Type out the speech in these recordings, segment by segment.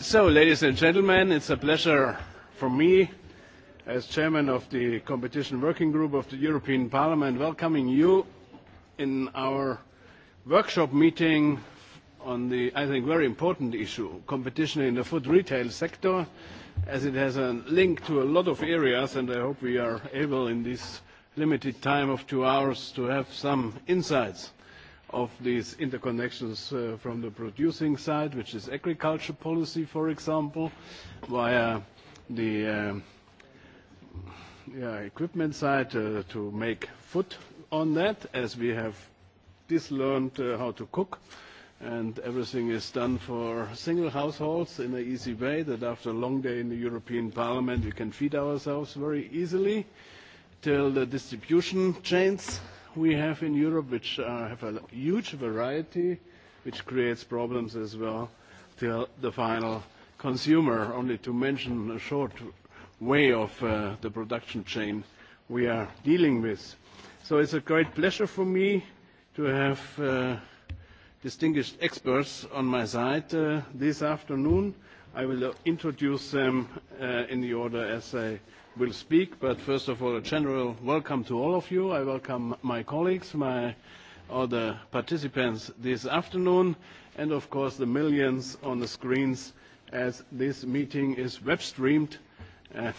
So, ladies and gentlemen, it's a pleasure for me, as chairman of the Competition Working Group of the European Parliament, welcoming you in our workshop meeting on the, I think, very important issue, competition in the food retail sector, as it has a link to a lot of areas, and I hope we are able, in this limited time of two hours, to have some insights of these interconnections from the producing side, which is agriculture policy, for example, via the equipment side to make food on that, as we have dislearned how to cook, and everything is done for single households in an easy way, that after a long day in the European Parliament, we can feed ourselves very easily, till the distribution chains we have in Europe, which uh, have a huge variety, which creates problems as well to the final consumer. Only to mention a short way of uh, the production chain we are dealing with. So it's a great pleasure for me to have uh, distinguished experts on my side uh, this afternoon I will introduce them in the order as I will speak. But first of all, a general welcome to all of you. I welcome my colleagues, my other participants this afternoon, and of course, the millions on the screens as this meeting is web streamed and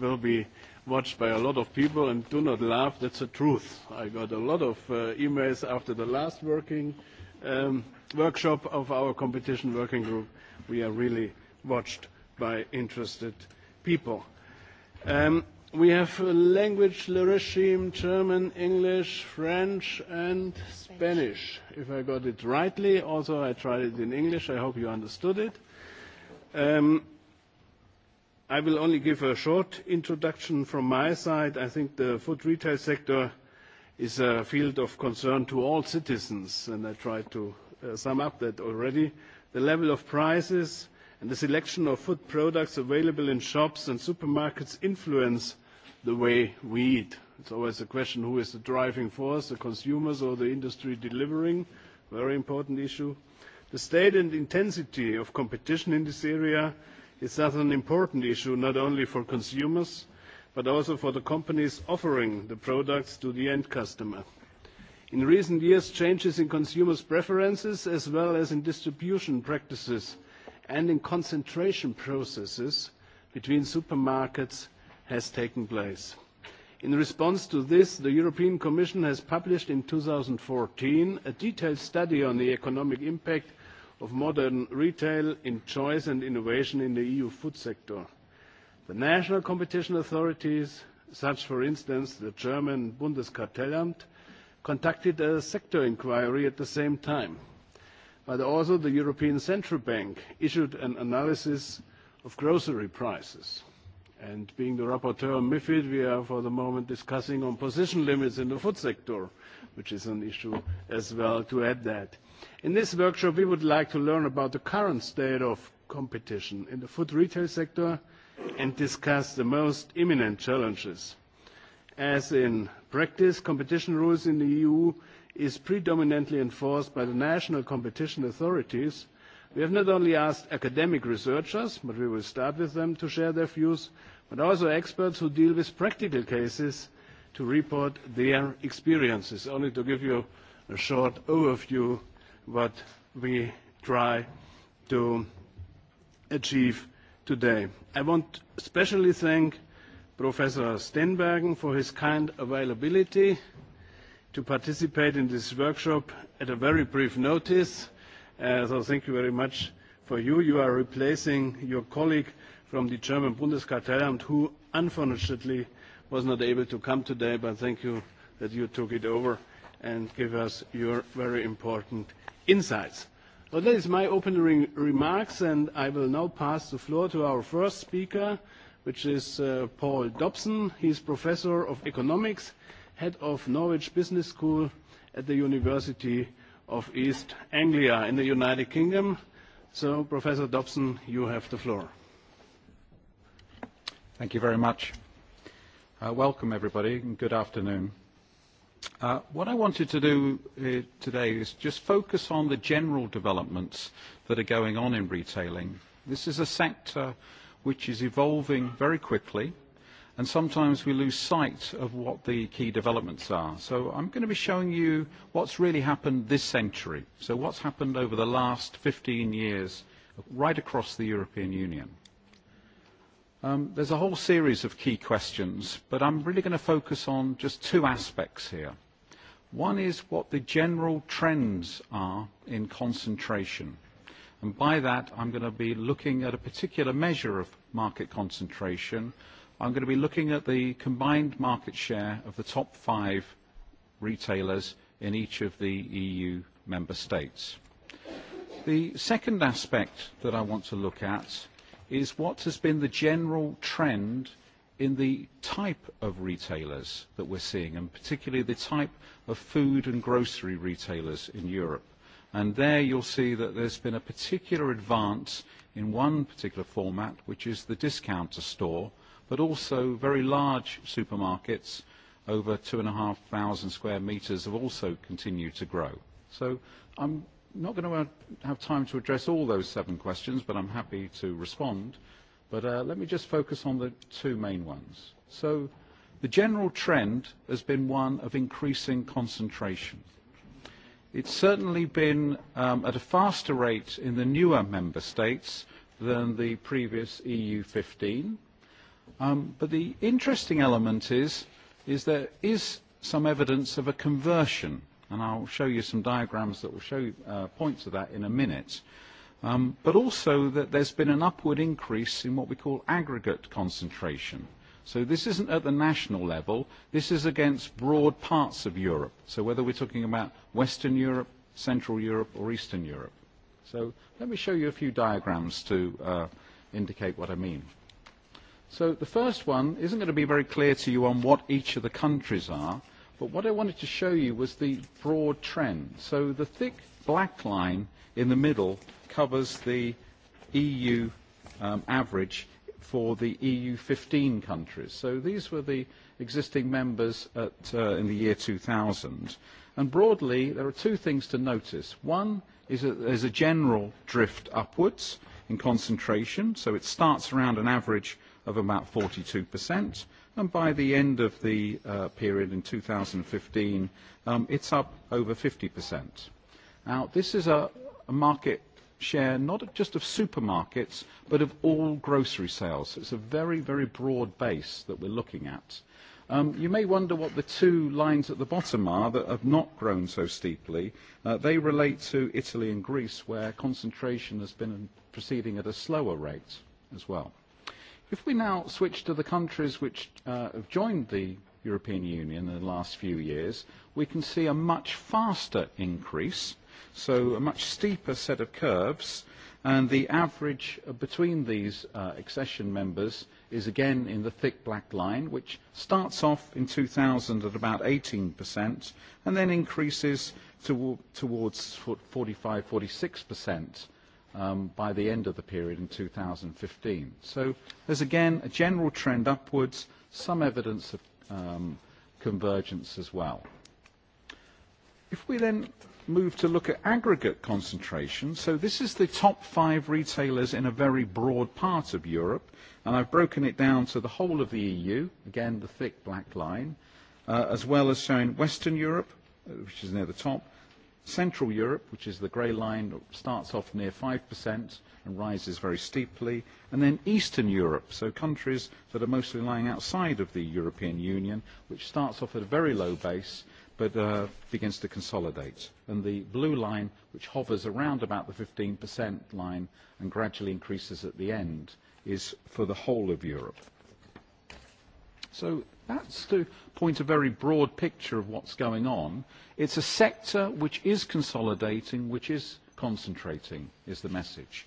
will be watched by a lot of people. And do not laugh, that's the truth. I got a lot of emails after the last working workshop of our competition working group. We are really watched by interested people. we have language regime, German, English, French, and Spanish, if I got it rightly. Also, I tried it in English. I hope you understood it. I will only give a short introduction from my side. I think the food retail sector is a field of concern to all citizens, and I tried to sum up that already. The level of prices and the selection of food products available in shops and supermarkets influence the way we eat. It's always a question, who is the driving force, the consumers or the industry delivering? Very important issue. The state and intensity of competition in this area is thus an important issue, not only for consumers, but also for the companies offering the products to the end customer. In recent years, changes in consumers' preferences as well as in distribution practices and in concentration processes between supermarkets has taken place. In response to this, the European Commission has published in fourteen a detailed study on the economic impact of modern retail in choice and innovation in the EU food sector. The national competition authorities, such for instance the German Bundeskartellamt, conducted a sector inquiry at the same time but also the European Central Bank issued an analysis of grocery prices. And being the rapporteur on MiFID, we are for the moment discussing on position limits in the food sector, which is an issue as well to add that. In this workshop, we would like to learn about the current state of competition in the food retail sector and discuss the most imminent challenges. As in practice, competition rules in the EU is predominantly enforced by the national competition authorities, we have not only asked academic researchers, but we will start with them to share their views, but also experts who deal with practical cases to report their experiences. Only to give you a short overview what we try to achieve today. I want to especially thank Professor Stenbergen for his kind availability to participate in this workshop at a very brief notice. So thank you very much for you. You are replacing your colleague from the German Bundeskartellamt, who unfortunately was not able to come today, but thank you that you took it over and give us your very important insights. Well, that is my opening remarks, and I will now pass the floor to our first speaker, which is Paul Dobson. He's professor of economics head of Norwich Business School at the University of East Anglia in the United Kingdom. So, Professor Dobson, you have the floor. Thank you very much. Uh, welcome, everybody, and good afternoon. Uh, what I wanted to do uh, today is just focus on the general developments that are going on in retailing. This is a sector which is evolving very quickly, and sometimes we lose sight of what the key developments are. So I'm going to be showing you what's really happened this century, so what's happened over the last 15 years right across the European Union. Um, there's a whole series of key questions, but I'm really going to focus on just two aspects here. One is what the general trends are in concentration. And by that, I'm going to be looking at a particular measure of market concentration, I'm going to be looking at the combined market share of the top five retailers in each of the EU member states. The second aspect that I want to look at is what has been the general trend in the type of retailers that we're seeing, and particularly the type of food and grocery retailers in Europe. there you'll see that there's been a particular advance in one particular format, which is the discounter store, but also very large supermarkets over 2,500 square meters have also continued to grow. So I'm not going to have time to address all those seven questions, but I'm happy to respond. But uh, let me just focus on the two main ones. So the general trend has been one of increasing concentration. It's certainly been um, at a faster rate in the newer member states than the previous EU 15 Um, but the interesting element is, is there is some evidence of a conversion, and I'll show you some diagrams that will show you uh, points of that in a minute. Um, but also that there's been an upward increase in what we call aggregate concentration. So this isn't at the national level, this is against broad parts of Europe. So whether we're talking about Western Europe, Central Europe or Eastern Europe. So let me show you a few diagrams to uh, indicate what I mean. So the first one isn't going to be very clear to you on what each of the countries are, but what I wanted to show you was the broad trend. So the thick black line in the middle covers the EU um, average for the EU 15 countries. So these were the existing members at, uh, in the year 2000. And broadly, there are two things to notice. One is that there's a general drift upwards in concentration, so it starts around an average of about 42%, and by the end of the uh, period in 2015, um, it's up over 50%. Now, this is a, a market share not just of supermarkets, but of all grocery sales. It's a very, very broad base that we're looking at. Um, you may wonder what the two lines at the bottom are that have not grown so steeply. Uh, they relate to Italy and Greece, where concentration has been proceeding at a slower rate as well. If we now switch to the countries which uh, have joined the European Union in the last few years, we can see a much faster increase, so a much steeper set of curves, and the average between these uh, accession members is again in the thick black line, which starts off in 2000 at about 18% and then increases to, towards 45-46% um, by the end of the period in 2015. So there's again a general trend upwards, some evidence of um, convergence as well. If we then move to look at aggregate concentration, so this is the top five retailers in a very broad part of Europe, and I've broken it down to the whole of the EU, again the thick black line, uh, as well as showing Western Europe, which is near the top, Central Europe, which is the grey line, starts off near 5% and rises very steeply. And then Eastern Europe, so countries that are mostly lying outside of the European Union, which starts off at a very low base but uh, begins to consolidate. And the blue line, which hovers around about the 15% line and gradually increases at the end, is for the whole of Europe. So that's to point a very broad picture of what's going on. It's a sector which is consolidating, which is concentrating, is the message.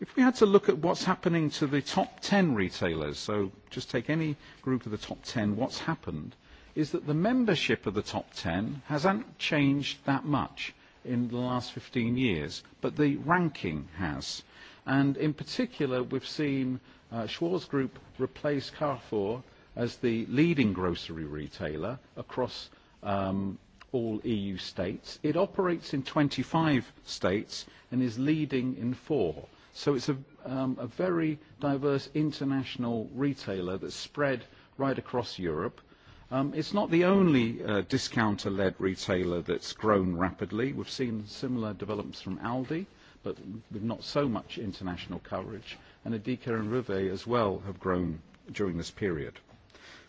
If we had to look at what's happening to the top 10 retailers, so just take any group of the top 10, what's happened is that the membership of the top 10 hasn't changed that much in the last 15 years, but the ranking has. And in particular, we've seen uh, Schwarz Group replace Carrefour as the leading grocery retailer across um, all EU states. It operates in 25 states and is leading in four. So it's a, um, a very diverse international retailer that's spread right across Europe. Um, it's not the only uh, discounter-led retailer that's grown rapidly. We've seen similar developments from Aldi, but with not so much international coverage. And Adika and Rive as well have grown during this period.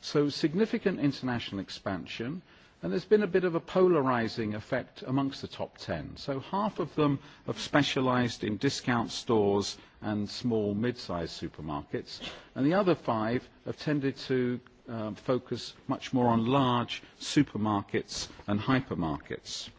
So significant international expansion, and there's been a bit of a polarizing effect amongst the top 10. So half of them have specialized in discount stores and small mid-sized supermarkets, and the other five have tended to um, focus much more on large supermarkets and hypermarkets.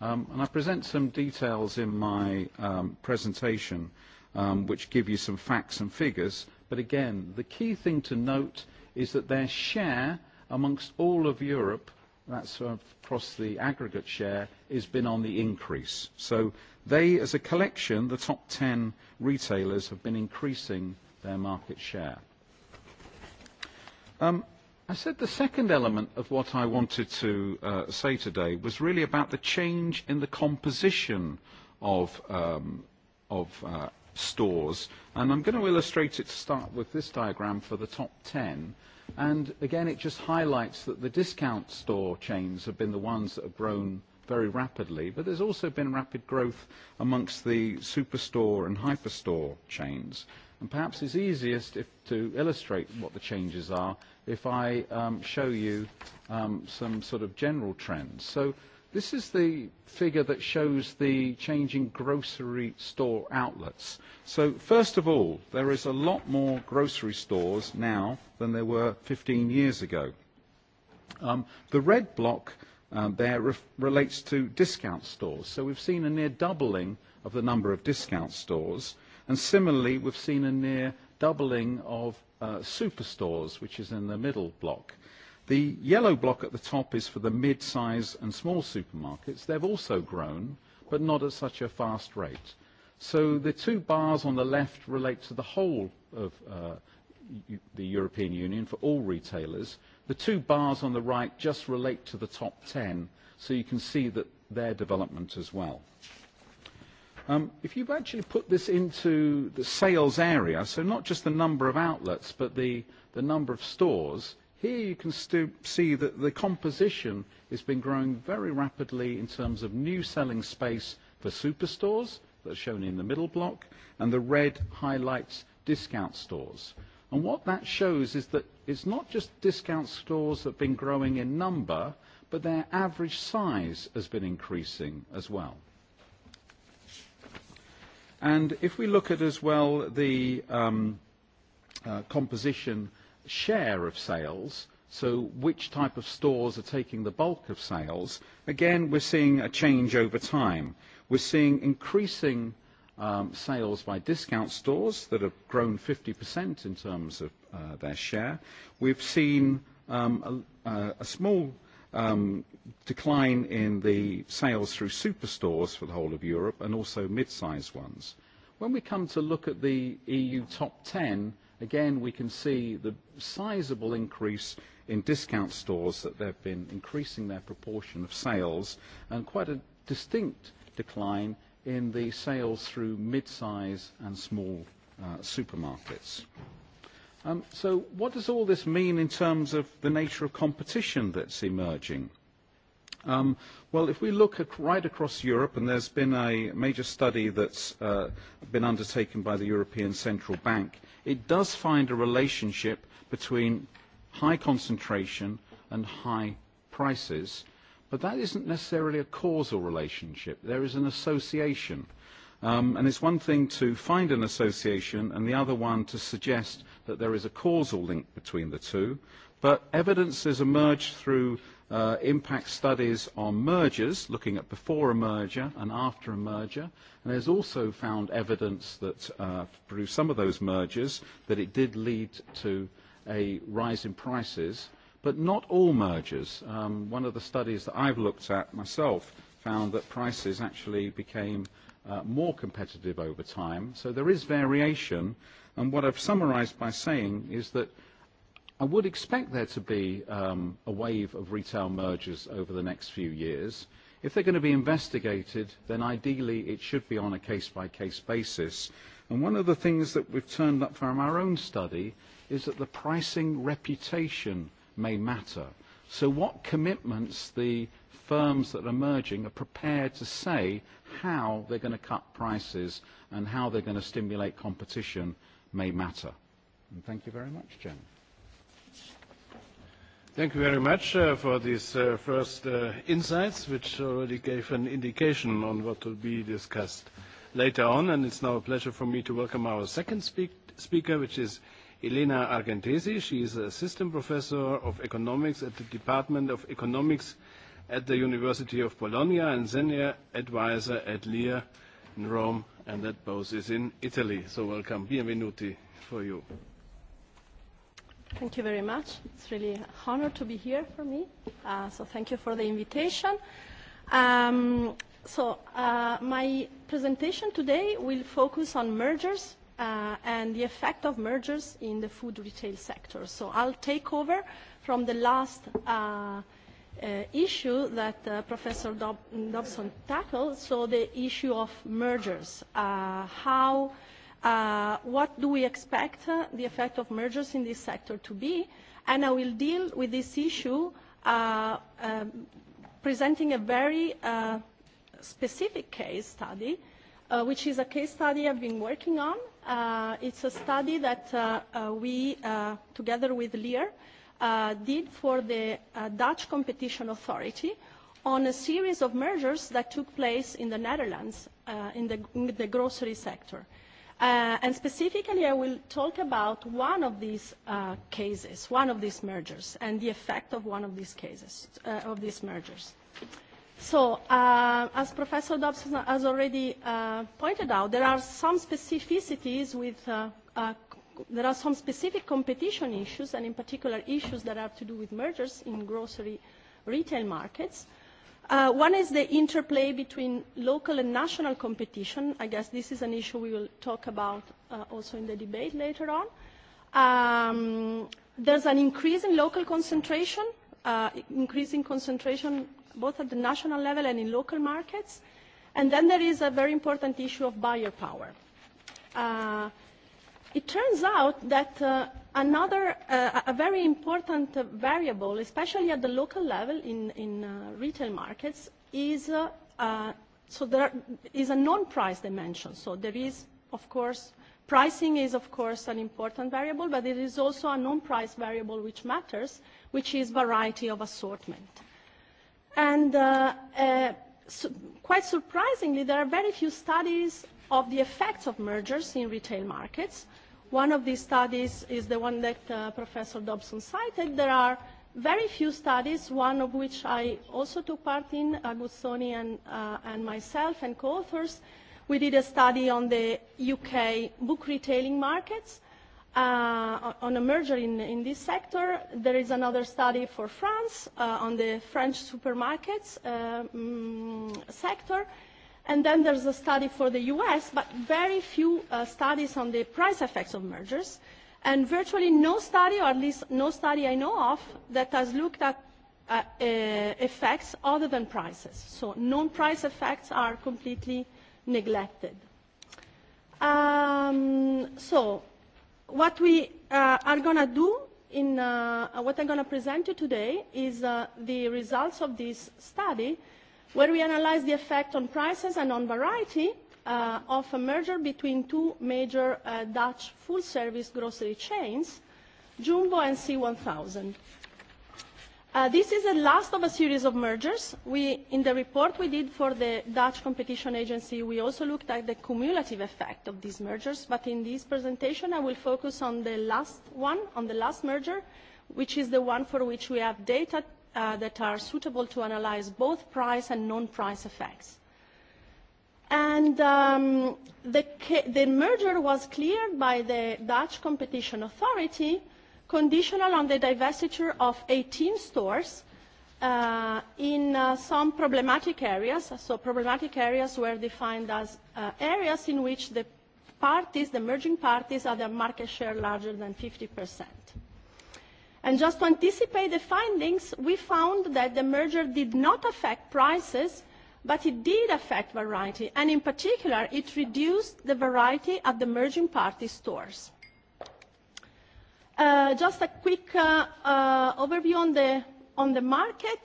Um, and I present some details in my um, presentation um, which give you some facts and figures, but again, the key thing to note is that their share amongst all of Europe, that's across the aggregate share, has been on the increase. So they, as a collection, the top 10 retailers, have been increasing their market share. Um, I said the second element of what I wanted to uh, say today was really about the change in the composition of, um, of uh, stores. And I'm going to illustrate it to start with this diagram for the top 10. And again, it just highlights that the discount store chains have been the ones that have grown very rapidly, but there's also been rapid growth amongst the superstore and hyperstore chains. And perhaps it's easiest if, to illustrate what the changes are if I um, show you um, some sort of general trends. So This is the figure that shows the change in grocery store outlets. So first of all, there is a lot more grocery stores now than there were 15 years ago. Um, the red block um, there re- relates to discount stores. So we've seen a near doubling of the number of discount stores. And similarly, we've seen a near doubling of uh, superstores, which is in the middle block. The yellow block at the top is for the mid-size and small supermarkets. They've also grown, but not at such a fast rate. So the two bars on the left relate to the whole of uh, the European Union for all retailers. The two bars on the right just relate to the top 10, so you can see that their development as well. Um, if you've actually put this into the sales area, so not just the number of outlets, but the, the number of stores, Here you can see that the composition has been growing very rapidly in terms of new selling space for superstores, that's shown in the middle block, and the red highlights discount stores. And What that shows is that it's not just discount stores that have been growing in number, but their average size has been increasing as well. And If we look at as well the composition share of sales, so which type of stores are taking the bulk of sales, again, we're seeing a change over time. We're seeing increasing um sales by discount stores that have grown 50% in terms of uh their share. We've seen um a a small um decline in the sales through superstores for the whole of Europe and also mid-sized ones. When we come to look at the EU top 10, Again, we can see the sizable increase in discount stores that they've been increasing their proportion of sales and quite a distinct decline in the sales through mid-size and small supermarkets. So what does all this mean in terms of the nature of competition that's emerging? Um, well, if we look right across Europe, and there's been a major study that's uh, been undertaken by the European Central Bank it does find a relationship between high concentration and high prices, but that isn't necessarily a causal relationship. There is an association. Um, and it's one thing to find an association and the other one to suggest that there is a causal link between the two. But evidence has emerged through impact studies on mergers, looking at before a merger and after a merger. And there's also found evidence that uh, through some of those mergers that it did lead to a rise in prices, but not all mergers. Um, one of the studies that I've looked at myself found that prices actually became uh, more competitive over time. So there is variation. And what I've summarized by saying is that I would expect there to be um, a wave of retail mergers over the next few years. If they're going to be investigated, then ideally it should be on a case-by-case basis. And one of the things that we've turned up from our own study is that the pricing reputation may matter. So what commitments the firms that are merging are prepared to say how they're going to cut prices and how they're going to stimulate competition may matter. thank you very much, Jen. Thank you very much for these first insights, which already gave an indication on what will be discussed later on. and It's now a pleasure for me to welcome our second speaker, which is Elena Argentesi. She is Assistant Professor of Economics at the Department of Economics at the University of Bologna and Senior Advisor at LIA in Rome, and that both is in Italy. So Welcome. bienvenuti for you. Thank you very much. It's really an honor to be here for me. Uh, so thank you for the invitation. Um, so uh, my presentation today will focus on mergers uh, and the effect of mergers in the food retail sector. So I'll take over from the last uh, uh, issue that uh, Professor Dob- Dobson tackled, so the issue of mergers, uh, how Uh, what do we expect the effect of mergers in this sector to be? And I will deal with this issue uh, presenting a very specific case study, which is a case study I've been working on. it's a study that we, together with Lear, did for the Dutch Competition Authority on a series of mergers that took place in the Netherlands in the grocery sector. Uh, and specifically, I will talk about one of these uh, cases, one of these mergers, and the effect of one of these cases, uh, of these mergers. So, uh, as Professor Dobson has already uh, pointed out, there are some specificities with, uh, uh, there are some specific competition issues, and in particular issues that have to do with mergers in grocery retail markets one is the interplay between local and national competition. I guess this is an issue we will talk about uh, also in the debate later on. Um, there's an increase in local concentration, uh, increasing concentration both at the national level and in local markets. And then there is a very important issue of buyer power. Uh, it turns out that uh, Another, uh, a very important variable, especially at the local level in, in uh, retail markets, is uh, uh, so there is a non-price dimension. So there is, of course, pricing is of course an important variable, but it is also a non-price variable which matters, which is variety of assortment. And uh, uh, su- quite surprisingly, there are very few studies of the effects of mergers in retail markets. One of these studies is the one that uh, Professor Dobson cited. There are very few studies, one of which I also took part in, Agustoni and, uh, and myself and co-authors. We did a study on the UK book retailing markets, uh, on a merger in, in this sector. There is another study for France uh, on the French supermarkets uh, um, sector. And then there's a study for the US, but very few uh, studies on the price effects of mergers, and virtually no study, or at least no study I know of, that has looked at uh, uh, effects other than prices. So non-price effects are completely neglected. Um, so what we uh, are going to do in uh, what I'm going to present you today is uh, the results of this study where we analyzed the effect on prices and on variety uh, of a merger between two major uh, Dutch full-service grocery chains, Jumbo and C1000. Uh, this is the last of a series of mergers. We, in the report we did for the Dutch Competition Agency, we also looked at the cumulative effect of these mergers, but in this presentation I will focus on the last one, on the last merger, which is the one for which we have data uh, that are suitable to analyze both price and non-price effects. And um, the, the merger was cleared by the Dutch Competition Authority conditional on the divestiture of 18 stores uh, in uh, some problematic areas. So problematic areas were defined as uh, areas in which the parties, the merging parties, had a market share larger than 50 percent. And just to anticipate the findings, we found that the merger did not affect prices, but it did affect variety, and in particular, it reduced the variety at the merging party stores. Uh, just a quick uh, uh, overview on the, on the market.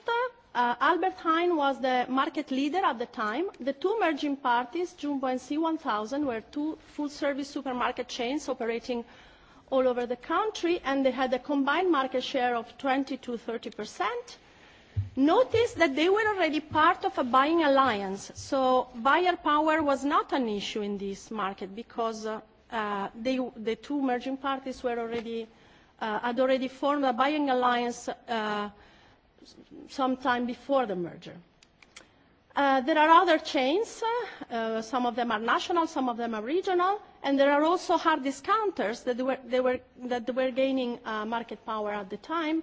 Uh, Albert Heijn was the market leader at the time. The two merging parties, Jumbo and C1000, were two full-service supermarket chains operating all over the country, and they had a combined market share of 20 to 30 percent. Notice that they were already part of a buying alliance, so buyer power was not an issue in this market because uh, uh, they, the two merging parties were already, uh, had already formed a buying alliance uh, sometime before the merger. Uh, there are other chains, uh, some of them are national, some of them are regional, And there are also hard discounters that were, they were, that were gaining uh, market power at the time.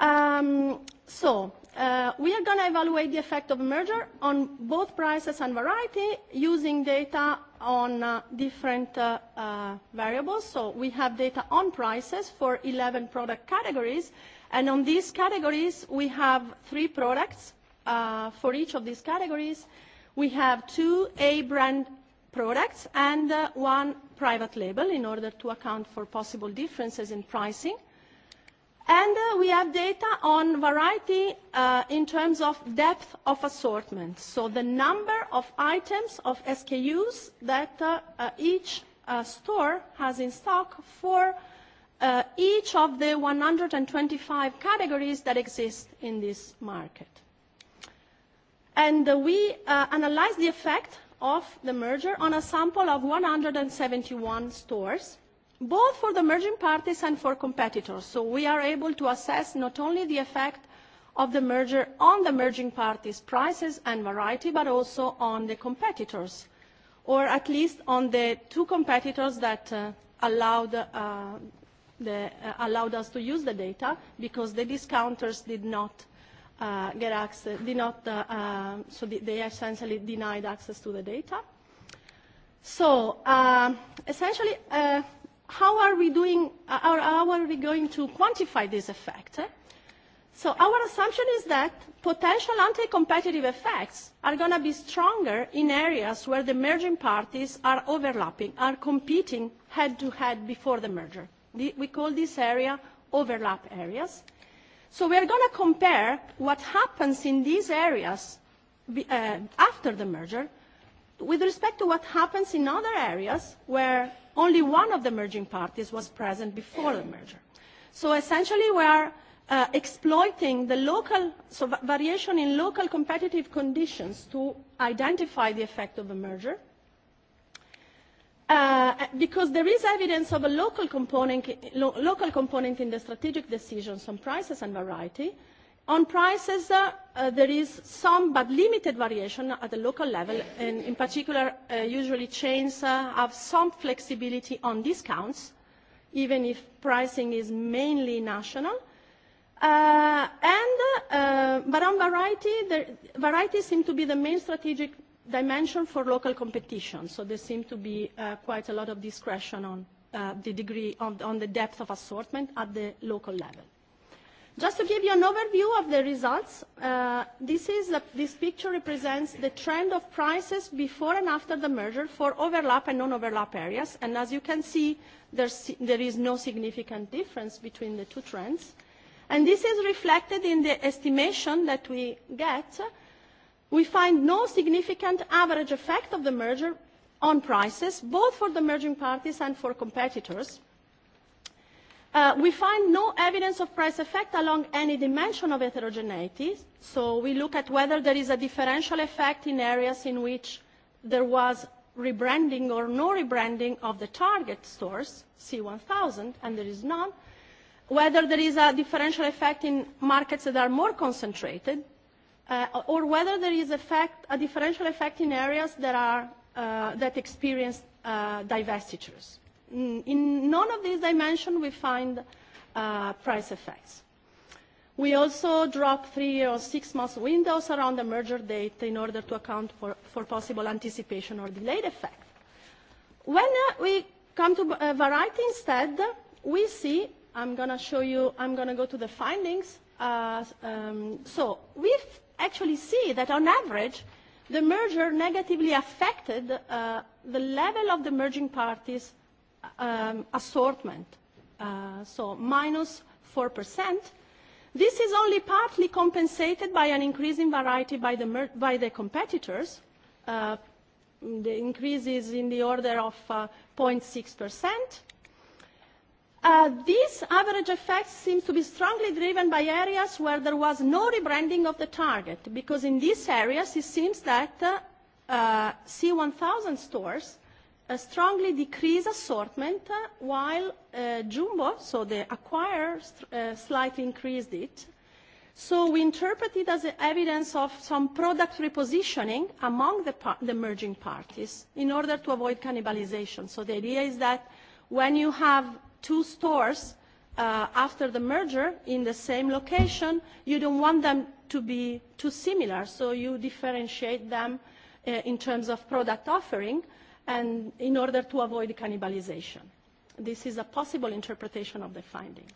Um, so uh, we are going to evaluate the effect of a merger on both prices and variety using data on uh, different uh, uh, variables. So we have data on prices for 11 product categories. And on these categories, we have three products uh, for each of these categories. We have two A brand products and uh, one private label in order to account for possible differences in pricing. And uh, we have data on variety uh, in terms of depth of assortment, so the number of items of SKUs that uh, uh, each uh, store has in stock for uh, each of the 125 categories that exist in this market. And uh, we uh, analyze the effect of the merger on a sample of 171 stores, both for the merging parties and for competitors. So we are able to assess not only the effect of the merger on the merging parties' prices and variety, but also on the competitors, or at least on the two competitors that allowed, us to use the data because the discounters did not uh, get access, did not, uh, uh, so they essentially denied access to the data. So uh, essentially, uh, how are we doing, uh, or how are we going to quantify this effect? Eh? So our assumption is that potential anti-competitive effects are going to be stronger in areas where the merging parties are overlapping, are competing head-to-head before the merger. We call this area overlap areas. So we are going to compare what happens in these areas uh, after the merger with respect to what happens in other areas where only one of the merging parties was present before the merger. So essentially we are uh, exploiting the local so variation in local competitive conditions to identify the effect of the merger uh, because there is evidence of a local component, lo- local component in the strategic decisions on prices and variety. On prices, uh, uh, there is some but limited variation at the local level, and in particular, uh, usually chains uh, have some flexibility on discounts, even if pricing is mainly national. Uh, and, uh, but on variety, the, variety seem to be the main strategic dimension for local competition, so there seem to be uh, quite a lot of discretion on uh, the degree, on, on the depth of assortment at the local level. Just to give you an overview of the results, uh, this, is a, this picture represents the trend of prices before and after the merger for overlap and non-overlap areas. And as you can see, there is no significant difference between the two trends. And this is reflected in the estimation that we get uh, we find no significant average effect of the merger on prices, both for the merging parties and for competitors. Uh, we find no evidence of price effect along any dimension of heterogeneity, so we look at whether there is a differential effect in areas in which there was rebranding or no rebranding of the target stores, C1000, and there is none, whether there is a differential effect in markets that are more concentrated, uh, or whether there is effect, a differential effect in areas that, are, uh, that experience uh, divestitures. In none of these dimensions we find uh, price effects. We also drop three or six month windows around the merger date in order to account for, for possible anticipation or delayed effect. When uh, we come to uh, variety instead, we see, I'm going to show you, I'm going to go to the findings. Uh, um, so we actually see that on average, the merger negatively affected uh, the level of the merging parties um, assortment, uh, so minus 4%. This is only partly compensated by an increase in variety by the, mer by the competitors. Uh, the increase is in the order of uh, 0.6%. Uh, this average effect seems to be strongly driven by areas where there was no rebranding of the target, because in these areas it seems that uh, uh, C1000 stores uh, strongly decrease assortment, uh, while uh, Jumbo, so the acquirer, uh, slightly increased it. So we interpret it as evidence of some product repositioning among the, par- the merging parties in order to avoid cannibalization. So the idea is that when you have two stores uh, after the merger in the same location, you don't want them to be too similar, so you differentiate them uh, in terms of product offering and in order to avoid cannibalization. This is a possible interpretation of the finding.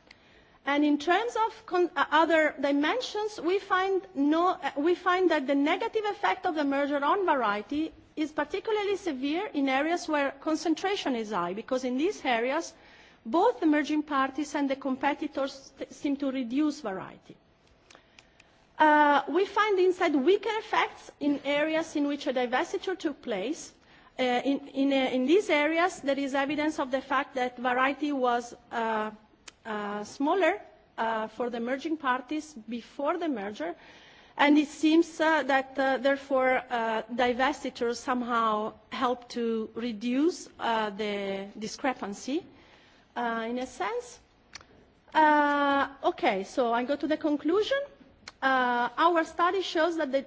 And in terms of con- other dimensions, we find, no, uh, we find that the negative effect of the merger on variety is particularly severe in areas where concentration is high, because in these areas, Both emerging parties and the competitors seem to reduce variety. Uh, we find instead weaker effects in areas in which a divestiture took place. Uh, in, in, uh, in these areas, there is evidence of the fact that variety was uh, uh, smaller uh, for the merging parties before the merger, and it seems uh, that uh, therefore uh, divestitures somehow help to reduce uh, the discrepancy. Uh, uh, in a sense. Uh, okay, so I go to the conclusion. Uh, our study shows that the,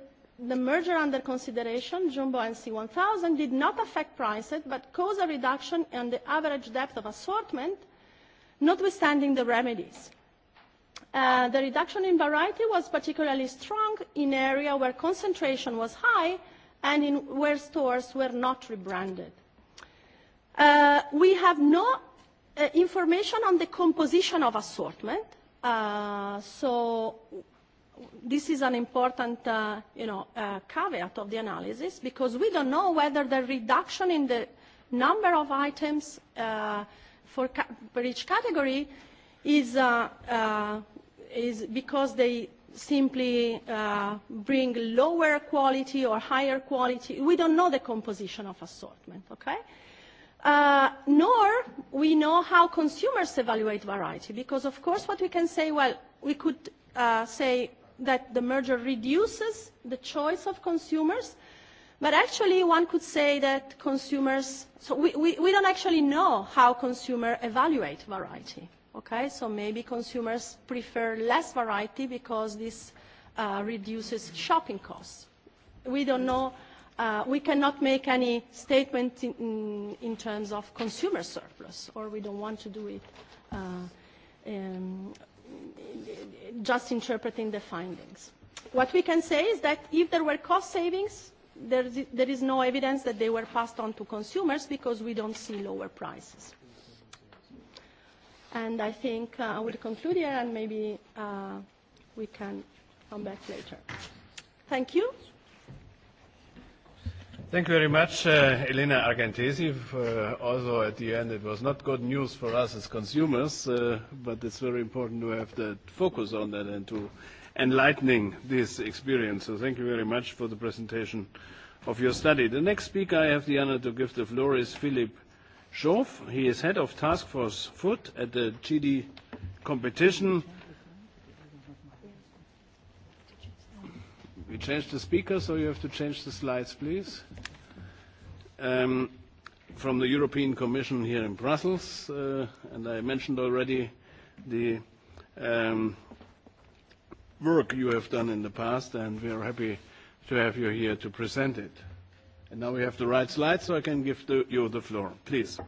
the merger under consideration, Jumbo and C1000, did not affect prices but caused a reduction in the average depth of assortment, notwithstanding the remedies. Uh, the reduction in variety was particularly strong in areas where concentration was high and in where stores were not rebranded. Uh, we have no uh, information on the composition of assortment. Uh, so this is an important uh, you know, uh, caveat of the analysis because we don't know whether the reduction in the number of items uh, for, ca- for each category is, uh, uh, is because they simply uh, bring lower quality or higher quality. We don't know the composition of assortment, okay? Uh, uh, nor we know how consumers evaluate variety, because of course what we can say, well, we could uh, say that the merger reduces the choice of consumers, but actually one could say that consumers, so we, we, we don't actually know how consumers evaluate variety. Okay, so maybe consumers prefer less variety because this uh, reduces shopping costs. We don't know uh, we cannot make any statement in, in terms of consumer surplus, or we don't want to do it uh, um, just interpreting the findings. What we can say is that if there were cost savings, there is, there is no evidence that they were passed on to consumers because we don't see lower prices. And I think uh, I will conclude here and maybe uh, we can come back later. Thank you. Thank you very much, uh, Elena Argentesi. Uh, also, at the end, it was not good news for us as consumers, uh, but it's very important to have that focus on that and to enlightening this experience. So thank you very much for the presentation of your study. The next speaker I have the honor to give the floor is Philip Schoff. He is head of Task Force Food at the GD Competition We changed the speaker, so you have to change the slides, please. Um, from the European Commission here in Brussels, uh, and I mentioned already the um, work you have done in the past, and we are happy to have you here to present it. And now we have the right slide, so I can give the, you the floor. Please.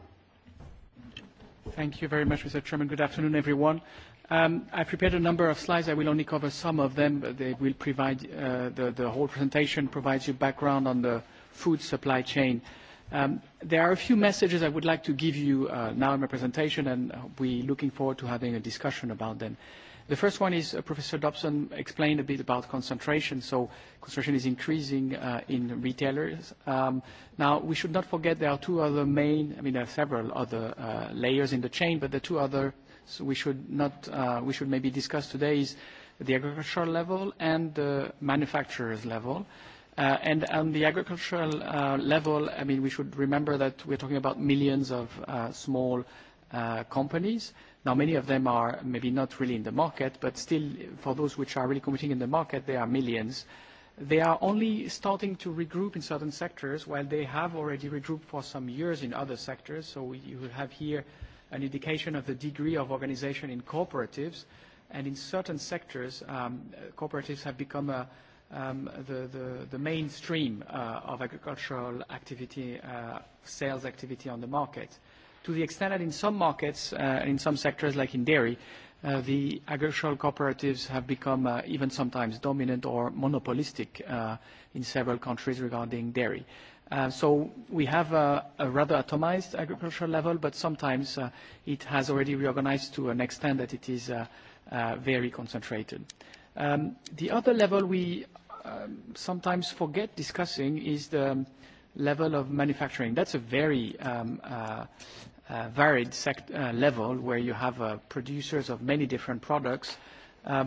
Thank you very much, Mr. Chairman. Good afternoon, everyone. I prepared a number of slides. I will only cover some of them, but they will provide the whole presentation provides you background on the food supply chain. There are a few messages I would like to give you now in my presentation, and we're looking forward to having a discussion about them. The first one is Professor Dobson explained a bit about concentration. So concentration is increasing in retailers. Now, we should not forget there are two other main, I mean, there are several other layers in the chain, but the two other so we should not uh, we should maybe discuss today is the agricultural level and the manufacturers level. Uh, and on the agricultural uh, level, I mean, we should remember that we're talking about millions of uh, small uh, companies. Now, many of them are maybe not really in the market, but still, for those which are really competing in the market, they are millions. They are only starting to regroup in certain sectors, while they have already regrouped for some years in other sectors. So you have here uh, an indication of the degree of organization in cooperatives. And in certain sectors, um, cooperatives have become a, um, the, the, the mainstream uh, of agricultural activity, uh, sales activity on the market. To the extent that in some markets, uh, in some sectors like in dairy, uh, the agricultural cooperatives have become uh, even sometimes dominant or monopolistic uh, in several countries regarding dairy. So we have a rather atomized agricultural level, but sometimes it has already reorganized to an extent that it is very concentrated. The other level we sometimes forget discussing is the level of manufacturing. That's a very varied level where you have producers of many different products I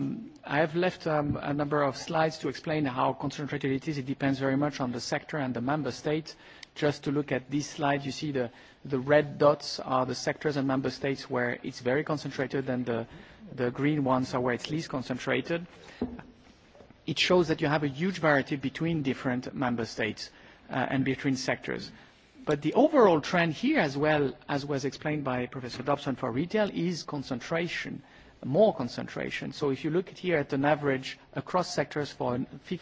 have left a number of slides to explain how concentrated it is. It depends very much on the sector and the member state. Just to look at this slide, you see the red dots are the sectors and member states where it's very concentrated, and the green ones are where it's least concentrated. It shows that you have a huge variety between different member states and between sectors. But the overall trend here, as well as was explained by Professor Dobson for retail, is concentration more concentration. So if you look at here at an average across sectors for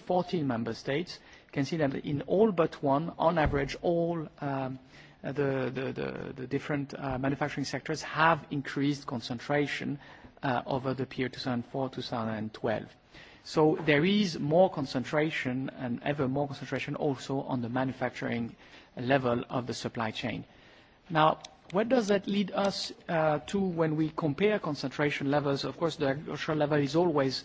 14 member states, you can see that in all but one, on average, all um, the, the, the, the different uh, manufacturing sectors have increased concentration uh, over the period 2004-2012. So there is more concentration and ever more concentration also on the manufacturing level of the supply chain. Now, Where does that lead us to when we compare concentration levels? Of course, the agricultural level is always,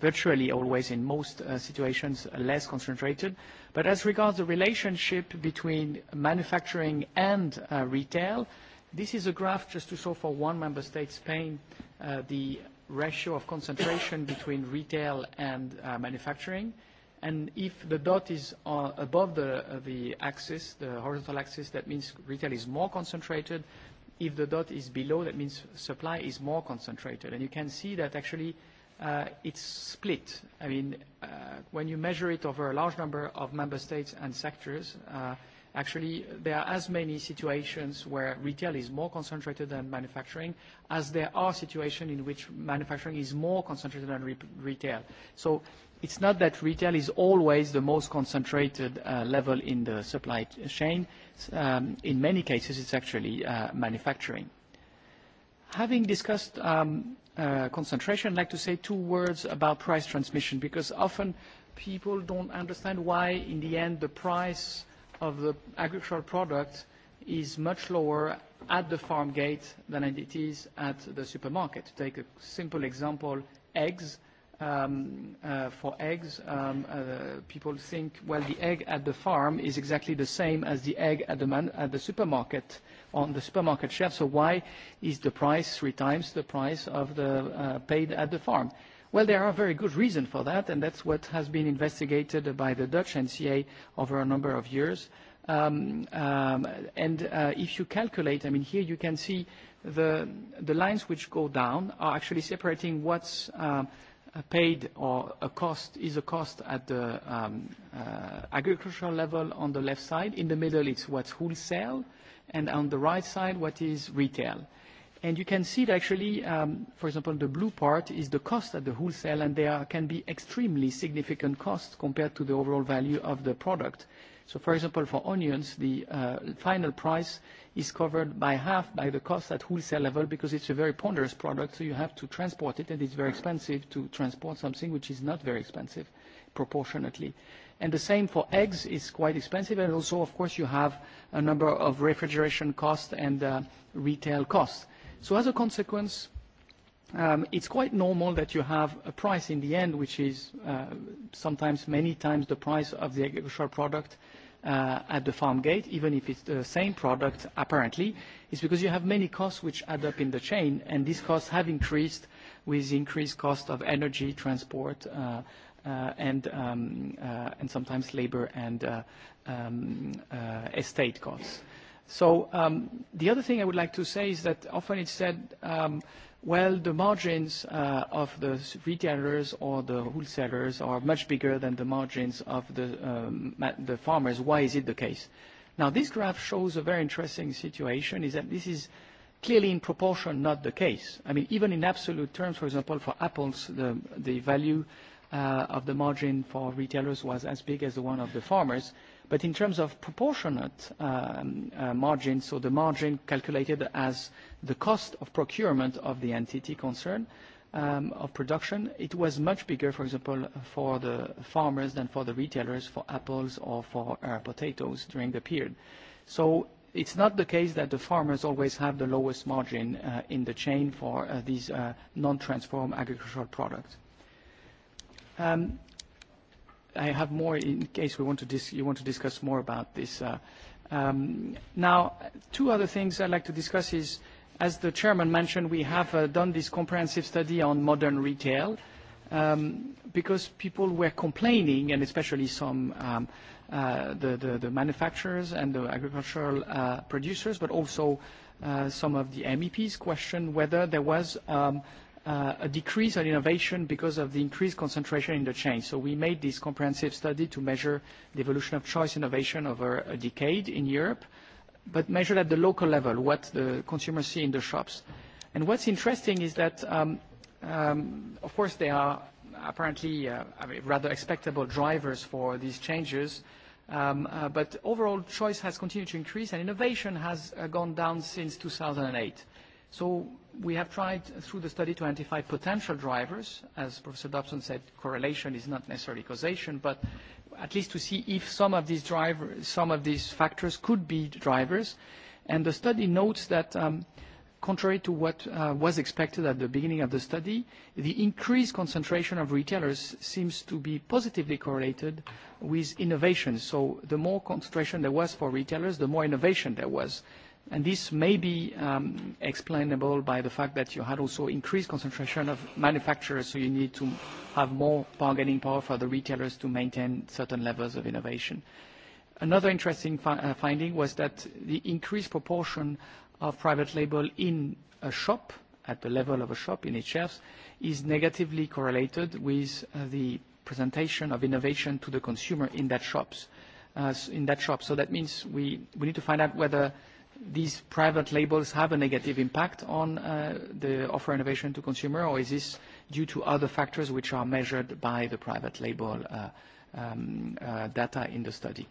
virtually always in most situations, less concentrated. But as regards the relationship between manufacturing and retail, this is a graph just to show for one member state, Spain, the ratio of concentration between retail and manufacturing. Uh, And if the dot is uh, above the, uh, the axis, the horizontal axis, that means retail is more concentrated. If the dot is below, that means supply is more concentrated. And you can see that actually uh, it's split. I mean, uh, when you measure it over a large number of member states and sectors, uh, actually there are as many situations where retail is more concentrated than manufacturing as there are situations in which manufacturing is more concentrated than re retail. So it's not that retail is always the most concentrated uh, level in the supply chain. Um, in many cases, it's actually uh, manufacturing. Having discussed um, uh, concentration, I'd like to say two words about price transmission because often people don't understand why, in the end, the price of the agricultural product is much lower at the farm gate than it is at the supermarket. To take a simple example, eggs – um, uh, for eggs, um, uh, people think, well, the egg at the farm is exactly the same as the egg at the, man- at the supermarket, on the supermarket shelf, so why is the price three times the price of the uh, paid at the farm? Well, there are very good reasons for that, and that's what has been investigated by the Dutch NCA over a number of years. Um, um, and uh, if you calculate, I mean, here you can see the, the lines which go down are actually separating what's um, – paid or a cost is a cost at the agricultural level on the left side. In the middle, it's what's wholesale, and on the right side, what is retail. And You can see that actually, for example, the blue part is the cost at the wholesale, and there can be extremely significant costs compared to the overall value of the product. So for example, for onions, the uh, final price is covered by half by the cost at wholesale level because it's a very ponderous product, so you have to transport it, and it's very expensive to transport something which is not very expensive proportionately. And the same for eggs is quite expensive, and also, of course, you have a number of refrigeration costs and uh, retail costs. So as a consequence, um, it's quite normal that you have a price in the end, which is uh, sometimes many times the price of the agricultural product uh, at the farm gate, even if it's the same product apparently, is because you have many costs which add up in the chain, and these costs have increased with increased cost of energy, transport, uh, uh, and, um, uh, and sometimes labor and uh, um, uh, estate costs. So um, the other thing I would like to say is that often it's said um, – Well, the margins uh, of the retailers or the wholesalers are much bigger than the margins of the, um, the farmers. Why is it the case? Now, this graph shows a very interesting situation, is that this is clearly in proportion not the case. I mean, even in absolute terms, for example, for apples, the, the value uh, of the margin for retailers was as big as the one of the farmers. But in terms of proportionate margin, so the margin calculated as the cost of procurement of the entity concerned, of production, it was much bigger, for example, for the farmers than for the retailers for apples or for potatoes during the period. So it's not the case that the farmers always have the lowest margin in the chain for these non-transformed agricultural products. I have more in case we want to dis you want to discuss more about this. Uh, um, now, two other things I'd like to discuss is, as the chairman mentioned, we have uh, done this comprehensive study on modern retail um, because people were complaining, and especially some um, uh, the, the, the manufacturers and the agricultural uh, producers, but also uh, some of the MEPs questioned whether there was um, – a decrease on innovation because of the increased concentration in the chain. So we made this comprehensive study to measure the evolution of choice innovation over a decade in Europe, but measured at the local level, what the consumers see in the shops. And what's interesting is that, um, um, of course, there are apparently uh, I mean, rather expectable drivers for these changes, um, uh, but overall choice has continued to increase and innovation has uh, gone down since 2008. So we have tried through the study to identify potential drivers. As Professor Dobson said, correlation is not necessarily causation, but at least to see if some of these drivers, some of these factors could be drivers. And the study notes that um, contrary to what was expected at the beginning of the study, the increased concentration of retailers seems to be positively correlated with innovation. So the more concentration there was for retailers, the more innovation there was And This may be explainable by the fact that you had also increased concentration of manufacturers, so you need to have more bargaining power for the retailers to maintain certain levels of innovation. Another interesting finding was that the increased proportion of private label in a shop, at the level of a shop in its shelves, is negatively correlated with the presentation of innovation to the consumer in that shops. That means we need to find out whether these private labels have a negative impact on the offer innovation to consumer, or is this due to other factors which are measured by the private label data in the study?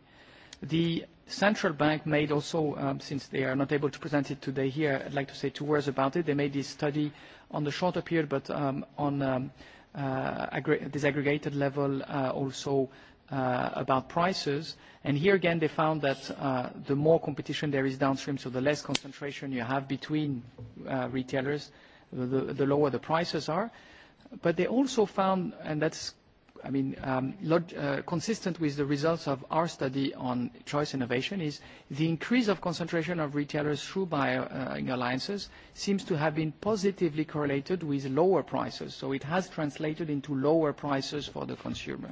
The central bank made also, since they are not able to present it today here, I'd like to say two words about it. They made this study on the shorter period, but on disaggregated level, also about prices. And here again, they found that the more competition there is downstream, so the less concentration you have between retailers, the, the lower the prices are. But they also found, and that's, I mean, consistent with the results of our study on choice innovation, is the increase of concentration of retailers through buying alliances seems to have been positively correlated with lower prices. So it has translated into lower prices for the consumer.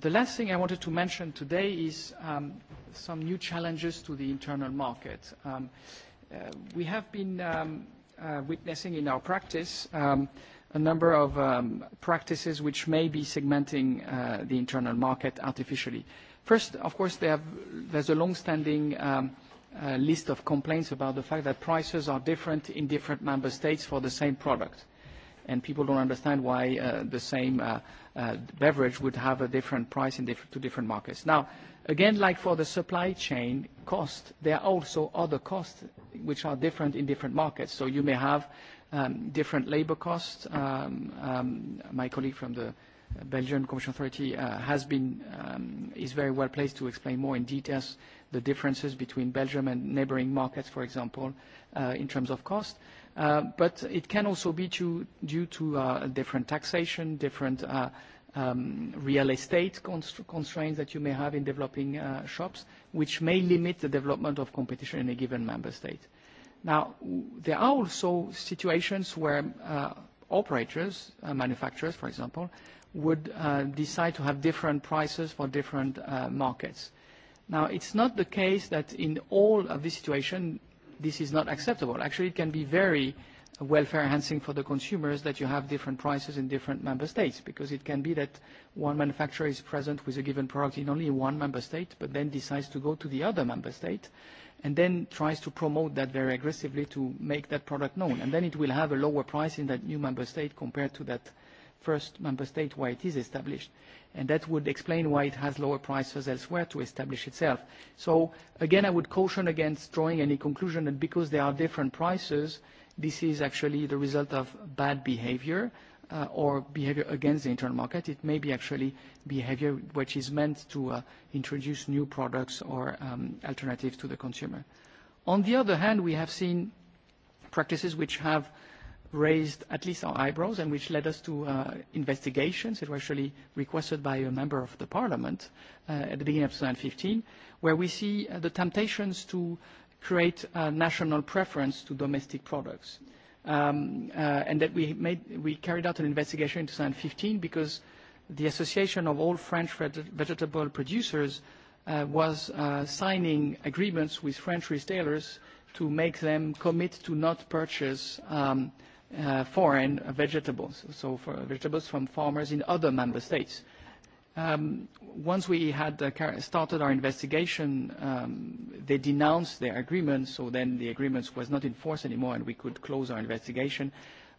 The last thing I wanted to mention today is um some new challenges to the internal market. Um We have been um uh witnessing in our practice um a number of um practices which may be segmenting uh the internal market artificially. First, of course, they have there's a long-standing um uh list of complaints about the fact that prices are different in different member states for the same product, and people don't understand why uh the same uh uh, beverage would have a different price in different, two different markets. Now, again, like for the supply chain cost, there are also other costs which are different in different markets. So you may have um, different labor costs. Um, um, my colleague from the Belgian Commission Authority uh, has been, um, is very well placed to explain more in details the differences between Belgium and neighboring markets, for example, uh, in terms of cost. Uh, but it can also be due to different taxation, different real estate constraints that you may have in developing shops, which may limit the development of competition in a given member state. Now, there are also situations where operators, manufacturers, for example, would decide to have different prices for different markets. Now, it's not the case that in all of these situations, this is not acceptable. Actually, it can be very welfare enhancing for the consumers that you have different prices in different member states, because it can be that one manufacturer is present with a given product in only one member state, but then decides to go to the other member state, and then tries to promote that very aggressively to make that product known. And then it will have a lower price in that new member state compared to that first member state where it is established. And that would explain why it has lower prices elsewhere to establish itself. So again, I would caution against drawing any conclusion that because there are different prices, this is actually the result of bad behavior uh, or behavior against the internal market. It may be actually behavior which is meant to uh, introduce new products or um, alternatives to the consumer. On the other hand, we have seen practices which have uh, raised at least our eyebrows and which led us to uh, investigations that were actually requested by a member of the parliament uh, at the beginning of 2015, where we see uh, the temptations to create a national preference to domestic products. Um, uh, and that we, made, we carried out an investigation in 2015 because the Association of All French Vegetable Producers uh, was uh, signing agreements with French retailers to make them commit to not purchase um, uh, foreign vegetables, so for vegetables from farmers in other member states. Um, once we had uh, started our investigation, um, they denounced their agreement, so then the agreement was not in force anymore and we could close our investigation.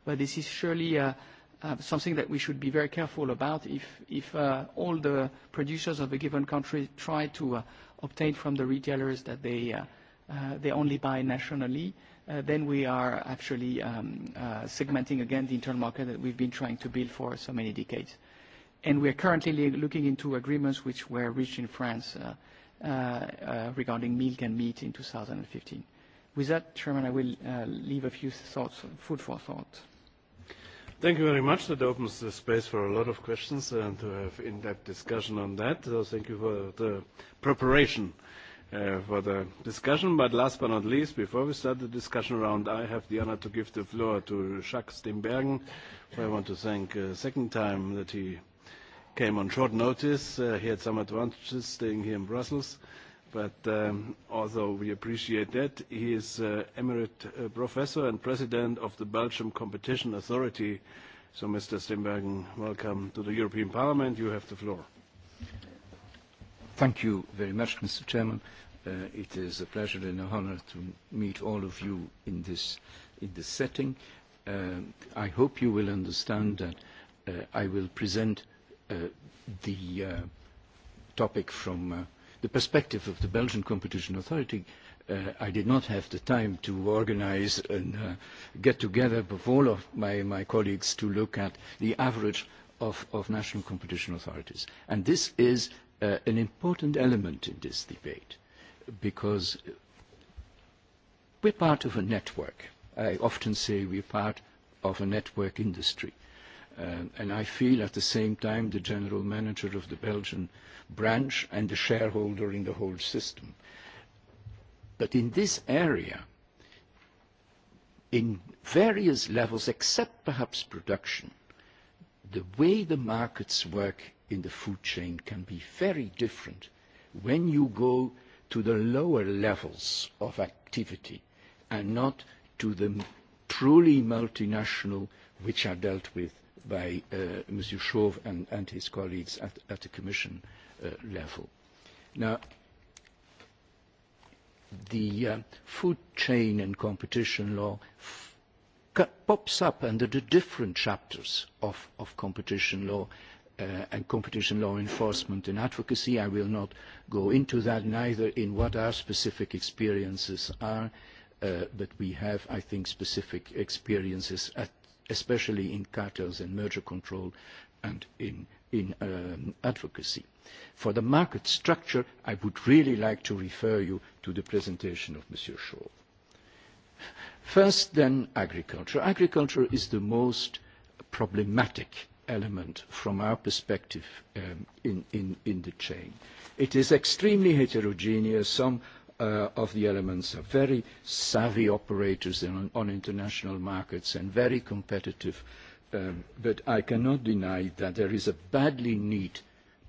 But this is surely uh, uh, something that we should be very careful about if, if uh, all the producers of a given country try to uh, obtain from the retailers that they, uh, uh, they only buy nationally. Uh, then we are actually um, uh, segmenting again the internal market that we've been trying to build for so many decades. And we are currently looking into agreements which were reached in France regarding milk and meat in 2015. With that, Chairman, I will uh, leave a few thoughts, food for thought. Thank you very much. That opens the space for a lot of questions and to have in-depth discussion on that. So thank you for the preparation for the discussion. But last but not least, before we start the discussion round, I have the honor to give the floor to Jacques Steenbergen, who I want to thank a second time that he came on short notice. Uh, he had some advantages staying here in Brussels, but um, although we appreciate that. He is uh, Emirate uh, professor and president of the Belgium Competition Authority. So, Mr. Steenbergen, welcome to the European Parliament. You have the floor. Thank you very much, Mr. Chairman. Uh, it is a pleasure and an honor to meet all of you in this, in this setting. Uh, I hope you will understand that uh, I will present uh, the uh, topic from uh, the perspective of the Belgian Competition Authority. Uh, I did not have the time to organize and uh, get together with all of my, my colleagues to look at the average of, of national competition authorities. And this is uh, an important element in this debate because we're part of a network. I often say we're part of a network industry. Uh, and I feel at the same time the general manager of the Belgian branch and the shareholder in the whole system. But in this area, in various levels, except perhaps production, the way the markets work in the food chain can be very different when you go to the lower levels of activity and not to the truly multinational which are dealt with by uh, Mr. Chauve and, and his colleagues at, at the Commission uh, level. Now, the uh, food chain and competition law pops up under the different chapters of, of competition law and competition law enforcement and advocacy. I will not go into that, neither in what our specific experiences are, but we have, I think, specific experiences, at especially in cartels and merger control and in, advocacy. For the market structure, I would really like to refer you to the presentation of Mr. Shaw. First, then, agriculture. Agriculture is the most problematic element from our perspective in, in, in the chain. It is extremely heterogeneous. Some of the elements are very savvy operators on, on international markets and very competitive. but I cannot deny that there is a badly need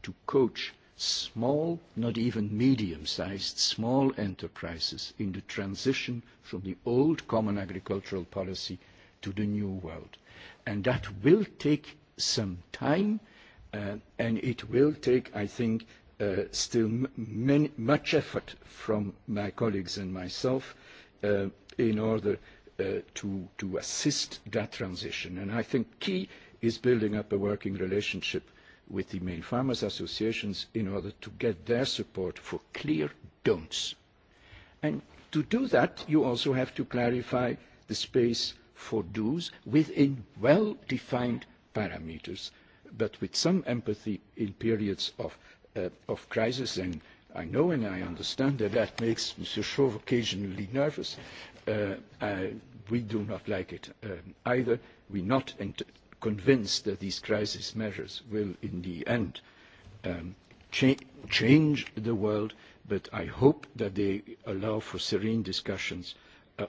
to coach small, not even medium-sized, small enterprises in the transition from the old common agricultural policy to the new world. And that will take some time, and it will take, I think, still many, much effort from my colleagues and myself in order to assist that transition. And I think key is building up a working relationship with the main farmers associations in order to get their support for clear don'ts. And to do that, you also have to clarify the space for do's within well-defined parameters, but with some empathy in periods of, crisis. And I know and I understand that that makes Mr. Chauve occasionally nervous. we do not like it either. We are not convinced that these crisis measures will, in the end, change the world, but I hope that they allow for serene discussions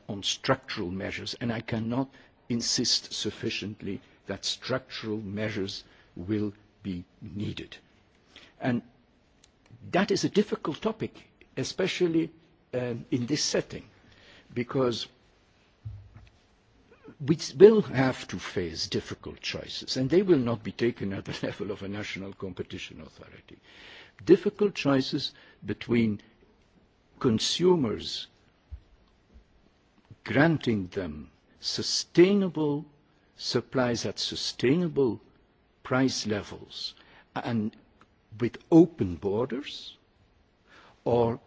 on structural measures, and I cannot insist sufficiently that structural measures will be needed. And that is a difficult topic, especially in this setting, because we will have to face difficult choices, and they will not be taken at the level of a national competition authority. Difficult choices between consumers granting them sustainable supplies at sustainable price levels and with open borders, or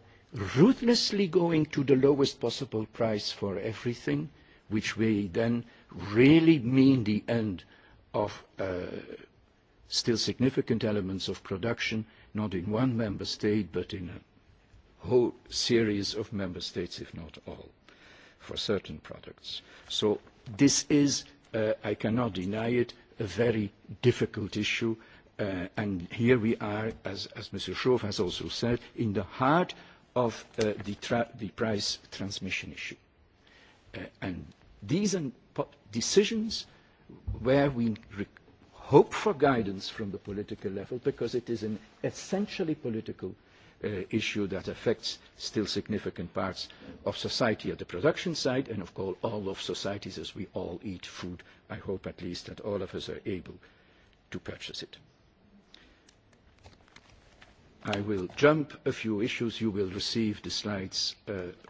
ruthlessly going to the lowest possible price for everything, which will then really mean the end of still significant elements of production, not in one member state, but in a whole series of member states, if not all, for certain products. So this is I cannot deny it, a very difficult issue. and here we are, as, as Mr. Schoof has also said, in the heart of the, price transmission issue. and these decisions where we hope for guidance from the political level, because it is an essentially political issue that affects still significant parts of society at the production side and of course all of societies as we all eat food. I hope at least that all of us are able to purchase it. I will jump a few issues. You will receive the slides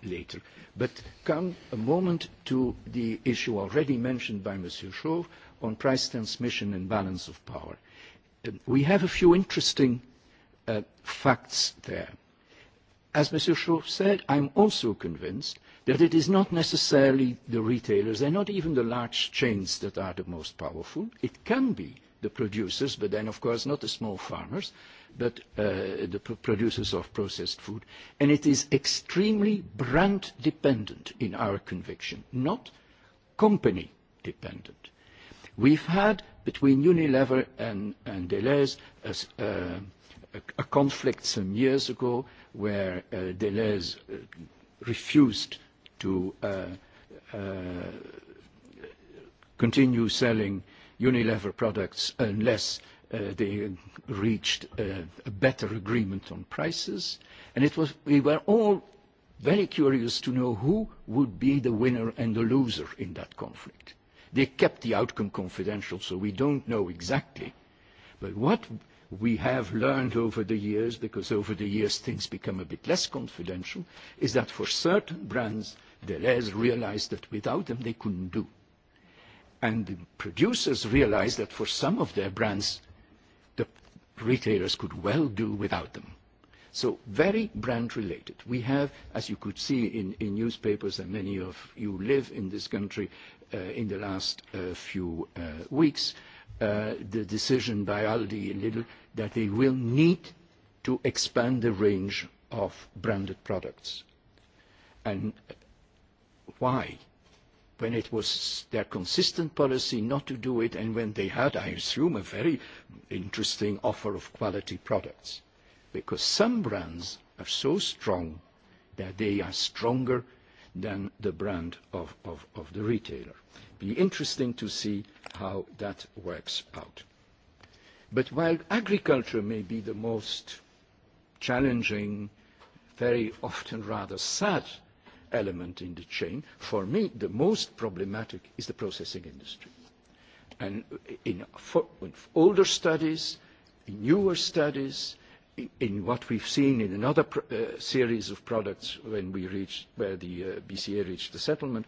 later. But come a moment to the issue already mentioned by Monsieur Chauve on price transmission and balance of power. We have a few interesting facts there. As Mr. Schroff said, I'm also convinced that it is not necessarily the retailers and not even the large chains that are the most powerful. It can be the producers, but then, of course, not the small farmers, but the producers of processed food. And it is extremely brand dependent in our conviction, not company dependent. We've had between Unilever and Deleuze a conflict some years ago where uh, Deleuze refused to uh, uh, continue selling Unilever products unless uh, they reached uh, a better agreement on prices. And it was, we were all very curious to know who would be the winner and the loser in that conflict. They kept the outcome confidential, so we don't know exactly. But what we have learned over the years, because over the years things become a bit less confidential, is that for certain brands, Deleuze realized that without them they couldn't do. And the producers realized that for some of their brands, the retailers could well do without them. So very brand related. We have, as you could see in, in newspapers, and many of you live in this country uh, in the last uh, few uh, weeks, uh, the decision by Aldi and Lidl that they will need to expand the range of branded products. And why? When it was their consistent policy not to do it, and when they had, I assume, a very interesting offer of quality products. Because some brands are so strong that they are stronger than the brand of, of the retailer be interesting to see how that works out. But while agriculture may be the most challenging, very often rather sad element in the chain, for me the most problematic is the processing industry. And in, for, in older studies, in newer studies, in what we've seen in another series of products when we reached where the BCA reached the settlement,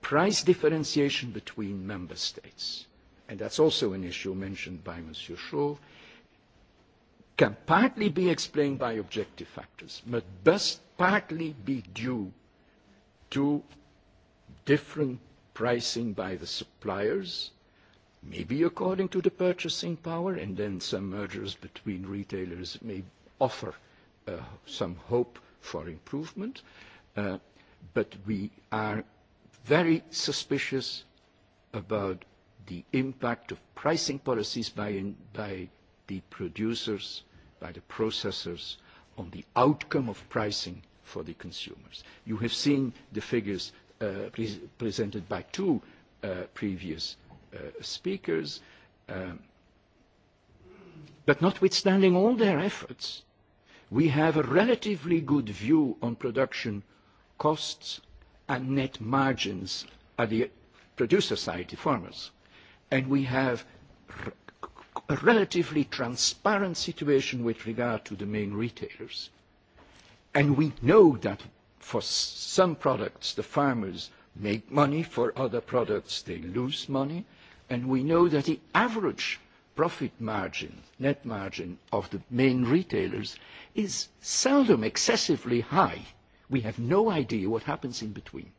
price differentiation between member states, and that's also an issue mentioned by Monsieur Shaw, can partly be explained by objective factors, but must partly be due to different pricing by the suppliers, maybe according to the purchasing power, and then some mergers between retailers may offer some hope for improvement. But we are very suspicious about the impact of pricing policies by, in, by the producers, by the processors, on the outcome of pricing for the consumers. You have seen the figures uh, pre presented by two uh, previous uh, speakers. Um, but notwithstanding all their efforts, we have a relatively good view on production costs and net margins are the producer side, the farmers. And we have a relatively transparent situation with regard to the main retailers. And we know that for some products the farmers make money, for other products they lose money. And we know that the average profit margin, net margin of the main retailers is seldom excessively high We have no idea what happens in between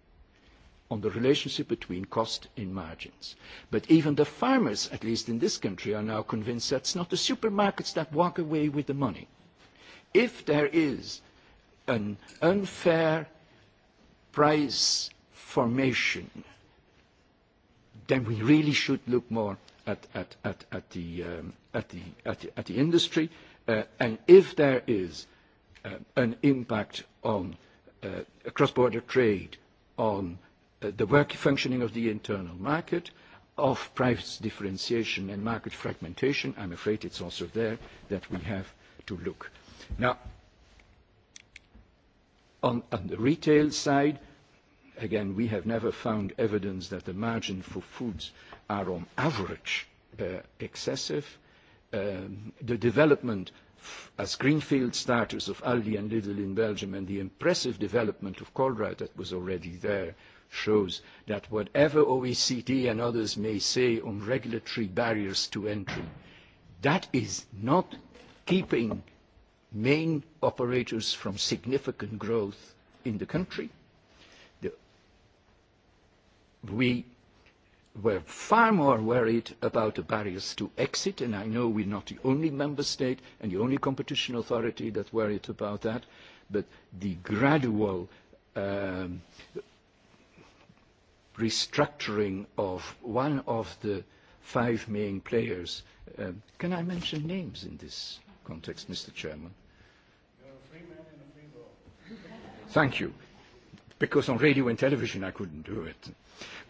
on the relationship between cost and margins. But even the farmers, at least in this country, are now convinced that it's not the supermarkets that walk away with the money. If there is an unfair price formation, then we really should look more at, at, at, at, the, um, at, the, at, the, at the industry. Uh, and if there is uh, an impact on cross-border trade on the work functioning of the internal market, of price differentiation and market fragmentation, I'm afraid it's also there that we have to look. Now, on the retail side, again, we have never found evidence that the margin for foods are on average excessive. The development as greenfield starters of Aldi and Lidl in Belgium and the impressive development of Colruyt that was already there shows that whatever OECD and others may say on regulatory barriers to entry, that is not keeping main operators from significant growth in the country. We were far more worried about the barriers to exit, and I know we're not the only member state and the only competition authority that worried about that, but the gradual um, restructuring of one of the five main players. Um, can I mention names in this context, Mr. Chairman? You're a free man in a free world. Thank you because on radio and television I couldn't do it.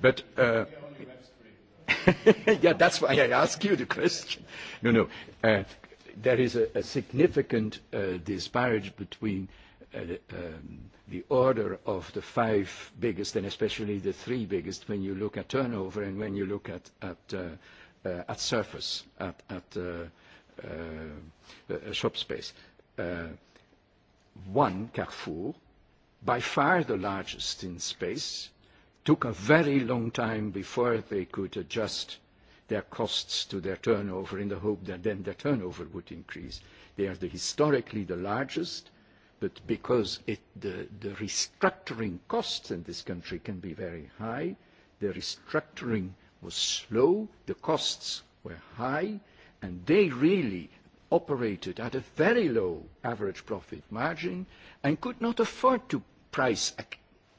But uh, yeah, that's why I ask you the question. No, no, uh, there is a, a significant uh, disparage between uh, um, the order of the five biggest and especially the three biggest when you look at turnover and when you look at at uh, uh, at surface at at uh, uh, uh, shop space. Uh, one Carrefour by far the largest in space, took a very long time before they could adjust their costs to their turnover in the hope that then their turnover would increase. They are the historically the largest, but because it the the restructuring costs in this country can be very high, the restructuring was slow, the costs were high, and they really operated at a very low average profit margin and could not afford to price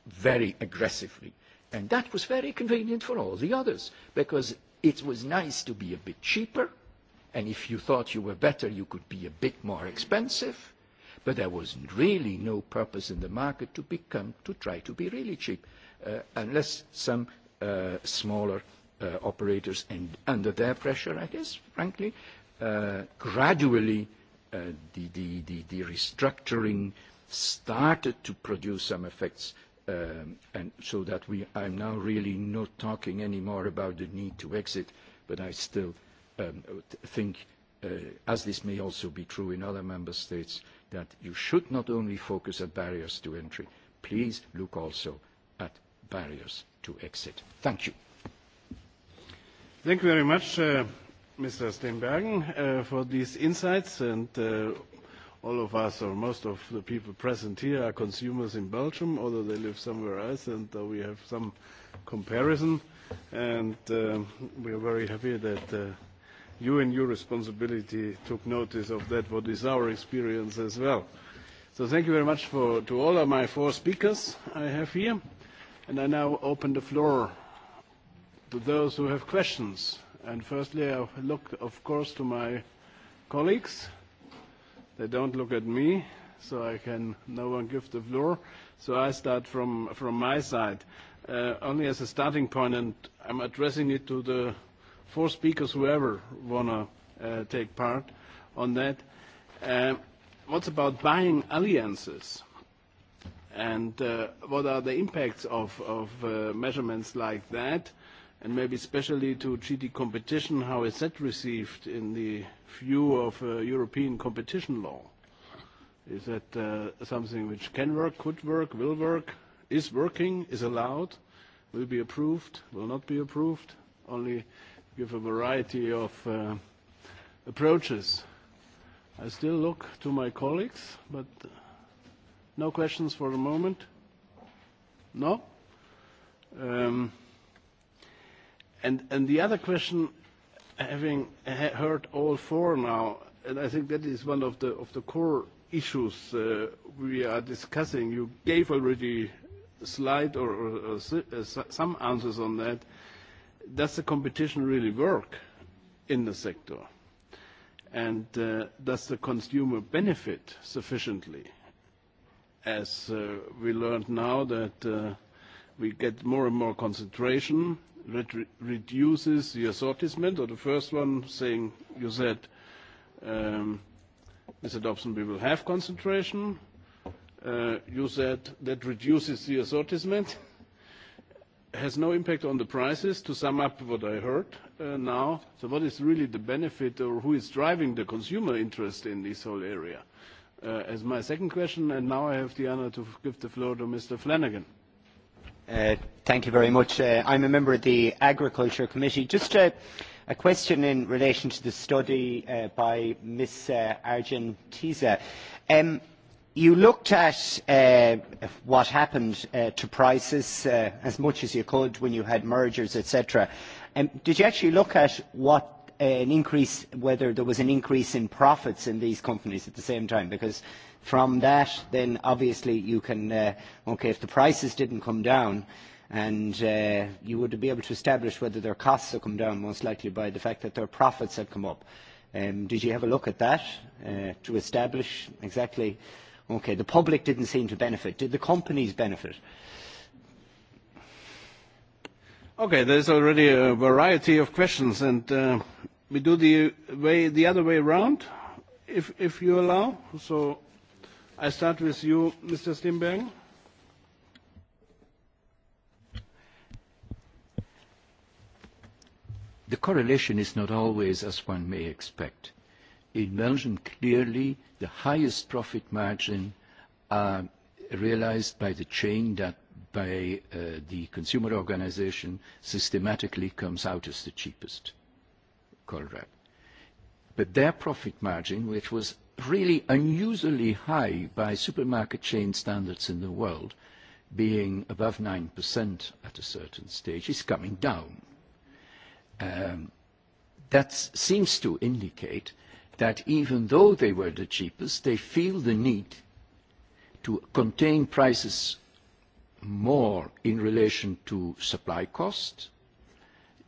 very aggressively. And that was very convenient for all the others because it was nice to be a bit cheaper. And if you thought you were better, you could be a bit more expensive. But there was really no purpose in the market to become, to try to be really cheap, uh, unless some uh, smaller uh, operators, and under their pressure, I guess, frankly, gradually the restructuring started to produce some effects, and so that we I'm now really not talking anymore about the need to exit, but I still think, as this may also be true in other member states, that you should not only focus at barriers to entry, please look also at barriers to exit. Thank you. Thank you very much. Mr. Steenbergen, for these insights. And all of us, or most of the people present here, are consumers in Belgium, although they live somewhere else, and we have some comparison. And we are very happy that you and your responsibility took notice of that, what is our experience as well. So thank you very much for, to all of my four speakers I have here. And I now open the floor to those who have questions. And firstly, I look, of course, to my colleagues. They don't look at me, so I can no one give the floor. So I start from from my side, uh, only as a starting point, and I'm addressing it to the four speakers, whoever wanna uh, take part on that. Uh, what's about buying alliances? And uh, what are the impacts of, of uh, measurements like that? and maybe especially to treaty competition, how is that received in the view of uh, European competition law? Is that uh, something which can work, could work, will work, is working, is allowed, will be approved, will not be approved? Only give a variety of uh, approaches. I still look to my colleagues, but no questions for the moment. No? Um, And, and the other question, having heard all four now, and I think that is one of the, of the core issues uh, we are discussing. You gave already a slide or, or, or some answers on that. Does the competition really work in the sector? And uh, does the consumer benefit sufficiently? As uh, we learned now that uh, we get more and more concentration reduces the assortment, or the first one saying, you said, Mr. Dobson, we will have concentration. you said that reduces the assortment, has no impact on the prices, to sum up what I heard now. So what is really the benefit or who is driving the consumer interest in this whole area? Uh, as my second question, and now I have the honor to give the floor to Mr. Flanagan. Thank you very much. Uh, I'm a member of the Agriculture Committee. Just a, a question in relation to the study uh, by Ms. Uh, Argentiza. Um, you looked at uh, what happened uh, to prices uh, as much as you could when you had mergers, etc. Um, did you actually look at what an increase, whether there was an increase in profits in these companies at the same time? Because From that, then obviously you can, uh, okay, if the prices didn't come down, and uh, you would be able to establish whether their costs have come down most likely by the fact that their profits have come up. Um, did you have a look at that uh, to establish exactly? Okay, the public didn't seem to benefit. Did the companies benefit? Okay, there's already a variety of questions, and uh, we do the way the other way around, if if you allow. So I start with you, Mr. Steenbergen. The correlation is not always as one may expect. In Belgium, clearly, the highest profit margin are realized by the chain that by uh, the consumer organization systematically comes out as the cheapest. Correct. But their profit margin, which was really unusually high by supermarket chain standards in the world, being above 9% at a certain stage, is coming down. That seems to indicate that even though they were the cheapest, they feel the need to contain prices more in relation to supply cost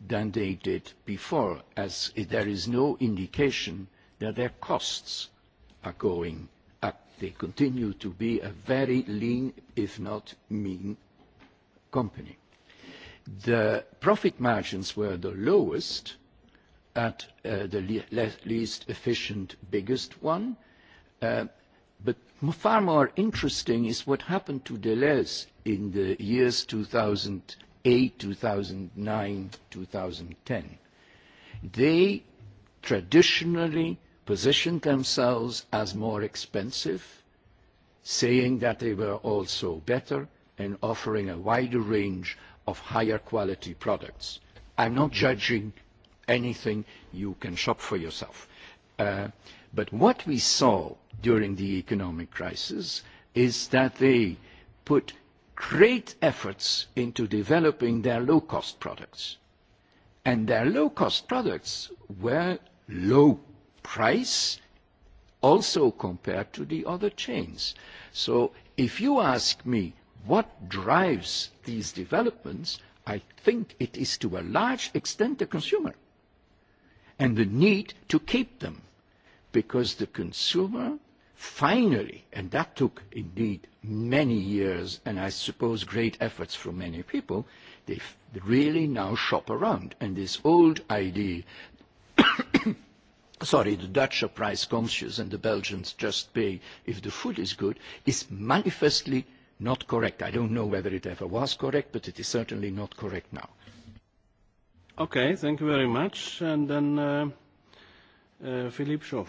than they did before, as there is no indication that their costs are going up. They continue to be a very lean, if not mean, company. The profit margins were the lowest at the least efficient, biggest one. But far more interesting is what happened to Deleuze in the years 2008, 2009, 2010. They traditionally positioned themselves as more expensive, saying that they were also better and offering a wider range of higher quality products. I'm not judging anything. You can shop for yourself. But what we saw during the economic crisis is that they put great efforts into developing their low-cost products. And their low-cost products were low price also compared to the other chains. So if you ask me what drives these developments, I think it is to a large extent the consumer and the need to keep them because the consumer finally, and that took indeed many years and I suppose great efforts from many people, they really now shop around. And this old idea sorry, the Dutch are price conscious and the Belgians just pay if the food is good, is manifestly not correct. I don't know whether it ever was correct, but it is certainly not correct now. Okay, thank you very much. And then uh, uh, Philippe Schoff.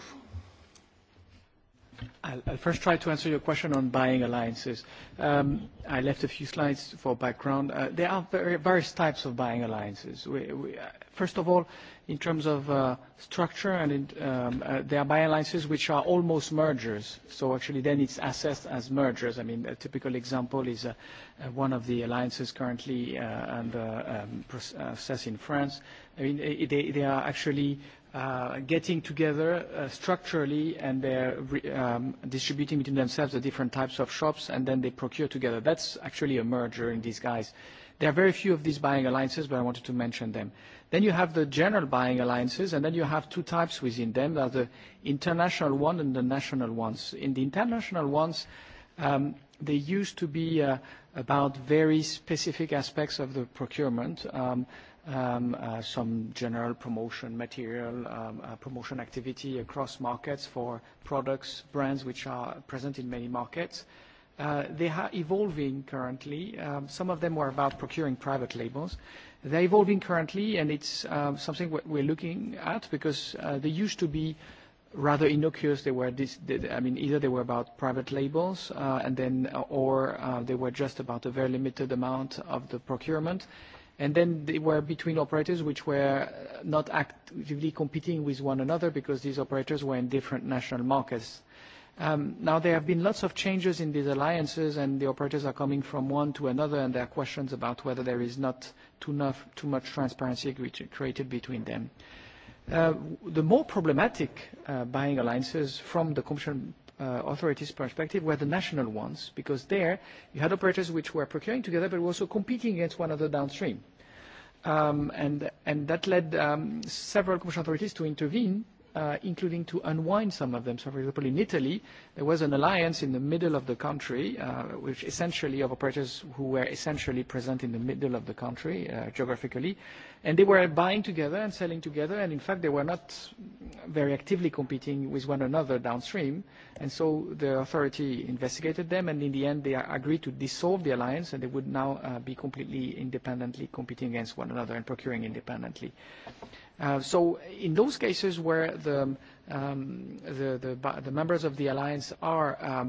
I'll, I'll first try to answer your question on buying alliances. Um, I left a few slides for background. Uh, there are very, various types of buying alliances. We, we, uh, first of all, in terms of uh, structure, and in, um, uh, there are buying alliances which are almost mergers. So actually, then it's assessed as mergers. I mean, a typical example is uh, uh, one of the alliances currently uh, under um, process in France. I mean, they, they are actually uh, getting together uh, structurally and they're um, distributing between themselves the different types of shops and then they procure together. That's actually a merger in these guys. There are very few of these buying alliances, but I wanted to mention them. Then you have the general buying alliances, and then you have two types within them. There are the international one and the national ones. In the international ones, um, they used to be uh, about very specific aspects of the procurement. Um, um uh some general promotion material, um uh promotion activity across markets for products, brands which are present in many markets. Uh They are evolving currently. Um Some of them were about procuring private labels. They're evolving currently, and it's um something what we're looking at because uh they used to be rather innocuous. They were this, I mean, either they were about private labels, uh and then or uh they were just about a very limited amount of the procurement And then they were between operators which were not actively competing with one another because these operators were in different national markets. Um, now, there have been lots of changes in these alliances, and the operators are coming from one to another, and there are questions about whether there is not too, enough, too much transparency created between them. Uh, the more problematic uh, buying alliances, from the Commission authorities' perspective were the national ones, because there you had operators which were procuring together but were also competing against one another downstream. Um, and, and that led um, several commercial authorities to intervene uh, including to unwind some of them. So, for example, in Italy, there was an alliance in the middle of the country, which essentially of operators who were essentially present in the middle of the country geographically, and they were buying together and selling together, and in fact, they were not very actively competing with one another downstream. And so the authority investigated them, and in the end, they agreed to dissolve the alliance, and they would now be completely independently competing against one another and procuring independently. So in those cases where the the members of the alliance are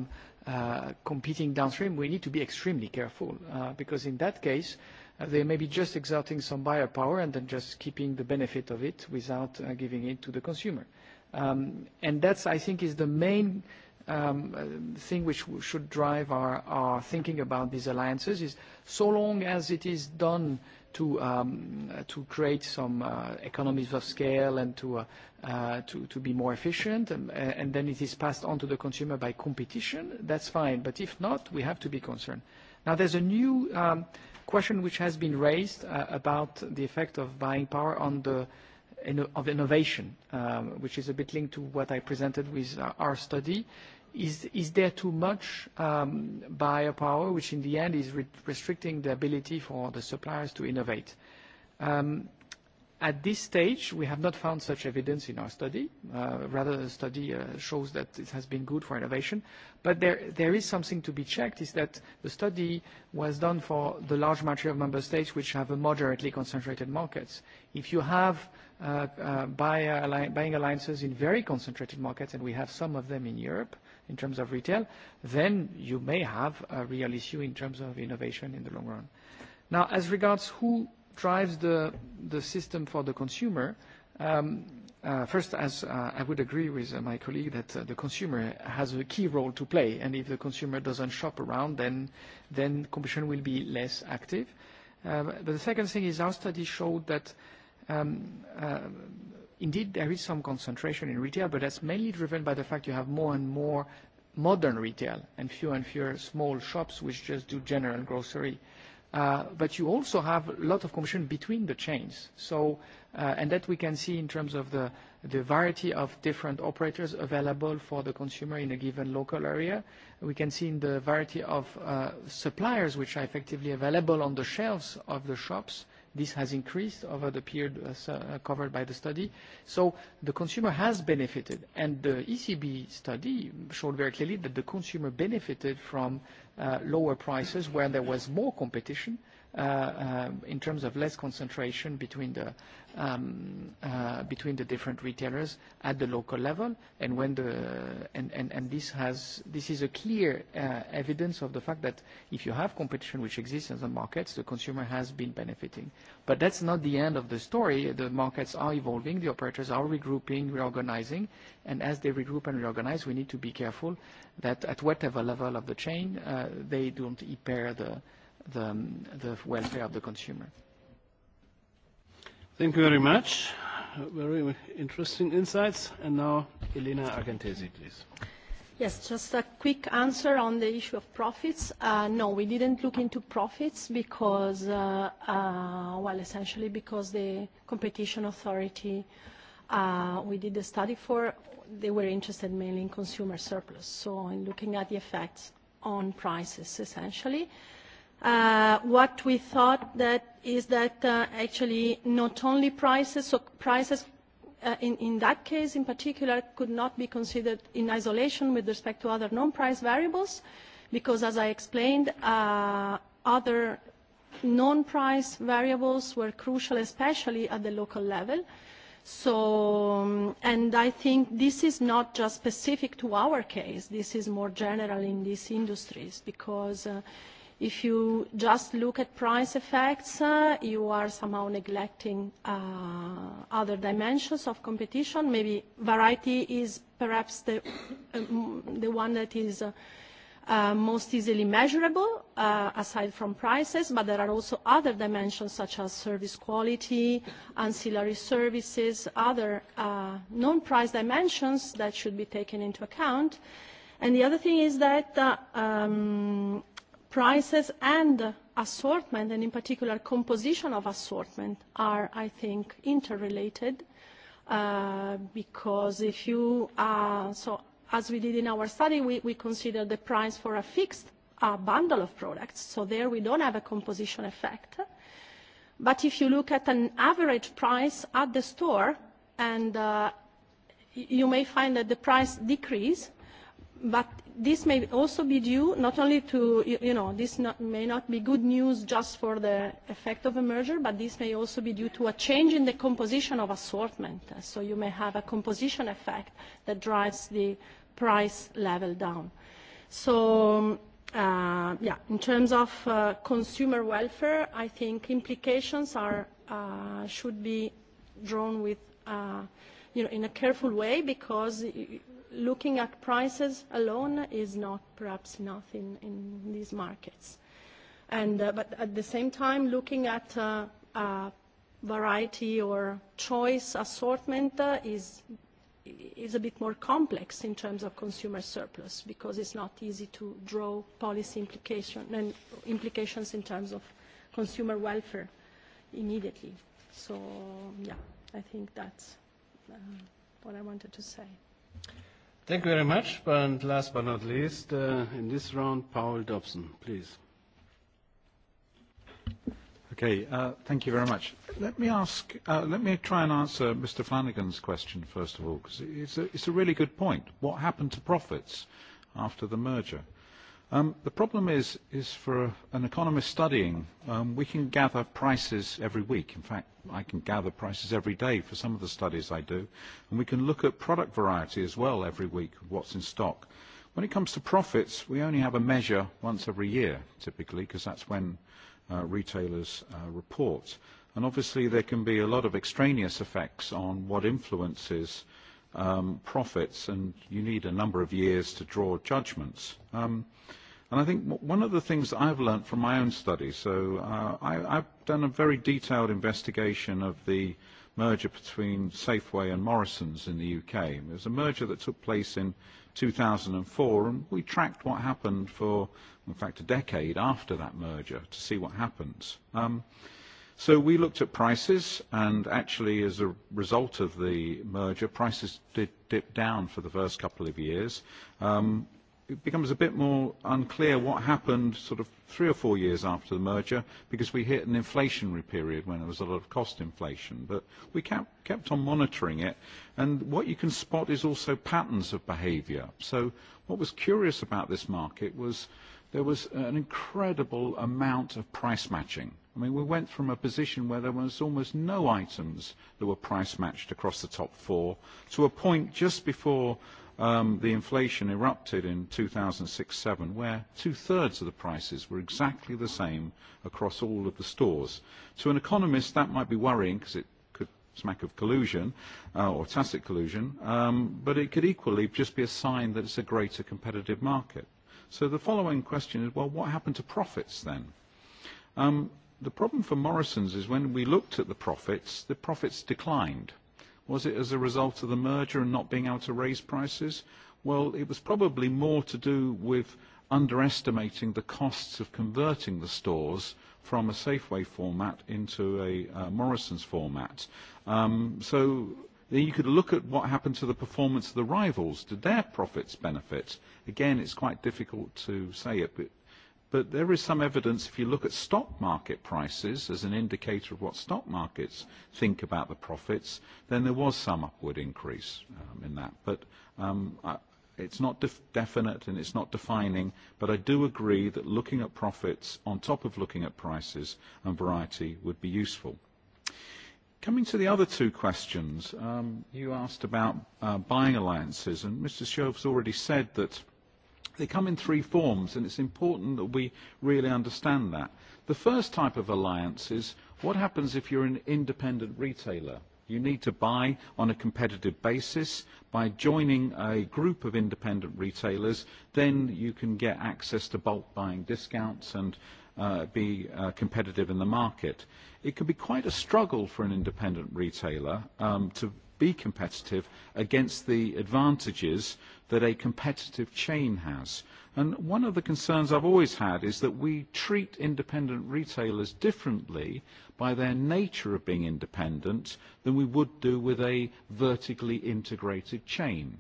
competing downstream, we need to be extremely careful, because in that case, they may be just exerting some buyer power and then just keeping the benefit of it without giving it to the consumer. And that's, I think, is the main thing which should drive our thinking about these alliances, is so long as it is done to um, to create some uh, economies of scale and to uh, uh, to to be more efficient, and, and then it is passed on to the consumer by competition. That's fine, but if not, we have to be concerned. Now, there's a new um, question which has been raised uh, about the effect of buying power on the of innovation, um, which is a bit linked to what I presented with our study is, is there too much um, power, which in the end is re restricting the ability for the suppliers to innovate? Um, at this stage, we have not found such evidence in our study. Uh, rather, the study uh, shows that it has been good for innovation. But there, there is something to be checked, is that the study was done for the large majority of member states which have a moderately concentrated markets. If you have uh, uh, buyer uh, buying alliances in very concentrated markets, and we have some of them in Europe, in terms of retail, then you may have a real issue in terms of innovation in the long run. Now, as regards who drives the the system for the consumer, um uh first, as uh I would agree with uh my colleague that uh the consumer has a key role to play, and if the consumer doesn't shop around, then then competition will be less active. Uh But the second thing is our study showed that um uh Indeed, there is some concentration in retail, but that's mainly driven by the fact you have more and more modern retail and fewer and fewer small shops which just do general grocery. But you also have a lot of competition between the chains. So, and that we can see in terms of the variety of different operators available for the consumer in a given local area. We can see in the variety of suppliers which are effectively available on the shelves of the shops, This has increased over the period covered by the study. So the consumer has benefited, and the ECB study showed very clearly that the consumer benefited from lower prices where there was more competition, in terms of less concentration between the different retailers at the local level. and This is a clear evidence of the fact that if you have competition which exists in the markets, the consumer has been benefiting. But That's not the end of the story. The markets are evolving, the operators are regrouping, reorganizing, and as they regroup and reorganize, we need to be careful that at whatever level of the chain, they don't impair the the, the welfare of the consumer. Thank you very much. Very interesting insights. And now, Elena Argentesi, please. Yes, just a quick answer on the issue of profits. no, we didn't look into profits because, well, essentially because the competition authority we did the study for, they were interested mainly in consumer surplus, so in looking at the effects on prices, essentially uh, what we thought that is that uh, actually not only prices, so prices uh, in, in that case in particular could not be considered in isolation with respect to other non-price variables because as I explained, uh, other non-price variables were crucial, especially at the local level. So, and I think this is not just specific to our case. This is more general in these industries because uh, If you just look at price effects, uh, you are somehow neglecting uh, other dimensions of competition. Maybe variety is perhaps the, um, the one that is uh, uh, most easily measurable, uh, aside from prices, but there are also other dimensions such as service quality, ancillary services, other uh, non-price dimensions that should be taken into account. And the other thing is that uh, um, prices and assortment, and in particular composition of assortment, are, I think, interrelated uh, because if you, uh, so as we did in our study, we, we consider the price for a fixed uh, bundle of products, so there we don't have a composition effect. But if you look at an average price at the store, and uh, you may find that the price decrease, but this may also be due not only to, you, you know, this not, may not be good news just for the effect of a merger, but this may also be due to a change in the composition of assortment. So you may have a composition effect that drives the price level down. So, uh, yeah, in terms of uh, consumer welfare, I think implications are, uh, should be drawn with, uh, you know, in a careful way because looking at prices alone is not perhaps enough in these markets. And uh But at the same time, looking at uh uh variety or choice assortment uh is is a bit more complex in terms of consumer surplus because it's not easy to draw policy implication and implications in terms of consumer welfare immediately. So yeah, I think that's uh, what I wanted to say. Thank you very much. And last but not least, uh, in this round, Paul Dobson, please. Okay, uh, thank you very much. Let me ask, uh, let me try and answer Mr. Flanagan's question first of all, because it's a, it's a really good point. What happened to profits after the merger? Um, the problem is, is for an economist studying, um, we can gather prices every week. In fact, I can gather prices every day for some of the studies I do. And we can look at product variety as well every week, what's in stock. When it comes to profits, we only have a measure once every year, typically, because that's when uh, retailers uh, report. And obviously, there can be a lot of extraneous effects on what influences um, profits, and you need a number of years to draw judgments. Um, And I think one of the things that I've learned from my own study, so uh, I, I've done a very detailed investigation of the merger between Safeway and Morrison's in the UK. It was a merger that took place in 2004, and we tracked what happened for, in fact, a decade after that merger to see what happens. Um, so we looked at prices, and actually, as a result of the merger, prices did dip down for the first couple of years. Um, it becomes a bit more unclear what happened sort of three or four years after the merger because we hit an inflationary period when there was a lot of cost inflation. But we kept, kept on monitoring it. And what you can spot is also patterns of behaviour. So what was curious about this market was there was an incredible amount of price matching. I mean, we went from a position where there was almost no items that were price matched across the top four to a point just before um, the inflation erupted in 2006 07 where two-thirds of the prices were exactly the same across all of the stores. To an economist, that might be worrying because it could smack of collusion uh, or tacit collusion, um, but it could equally just be a sign that it's a greater competitive market. So the following question is, well, what happened to profits then? Um, the problem for Morrison's is when we looked at the profits, the profits declined Was it as a result of the merger and not being able to raise prices? Well, it was probably more to do with underestimating the costs of converting the stores from a Safeway format into a uh, Morrison's format. Um, so then you could look at what happened to the performance of the rivals. Did their profits benefit? Again, it's quite difficult to say it, but But there is some evidence, if you look at stock market prices as an indicator of what stock markets think about the profits, then there was some upward increase um, in that. But um, I, it's not def- definite and it's not defining, but I do agree that looking at profits on top of looking at prices and variety would be useful. Coming to the other two questions, um, you asked about uh, buying alliances, and Mr. Shove's already said that They come in three forms, and it's important that we really understand that. The first type of alliance is what happens if you're an independent retailer? You need to buy on a competitive basis. By joining a group of independent retailers, then you can get access to bulk buying discounts and uh, be uh, competitive in the market. It can be quite a struggle for an independent retailer um, to be competitive against the advantages that a competitive chain has. And one of the concerns I've always had is that we treat independent retailers differently by their nature of being independent than we would do with a vertically integrated chain.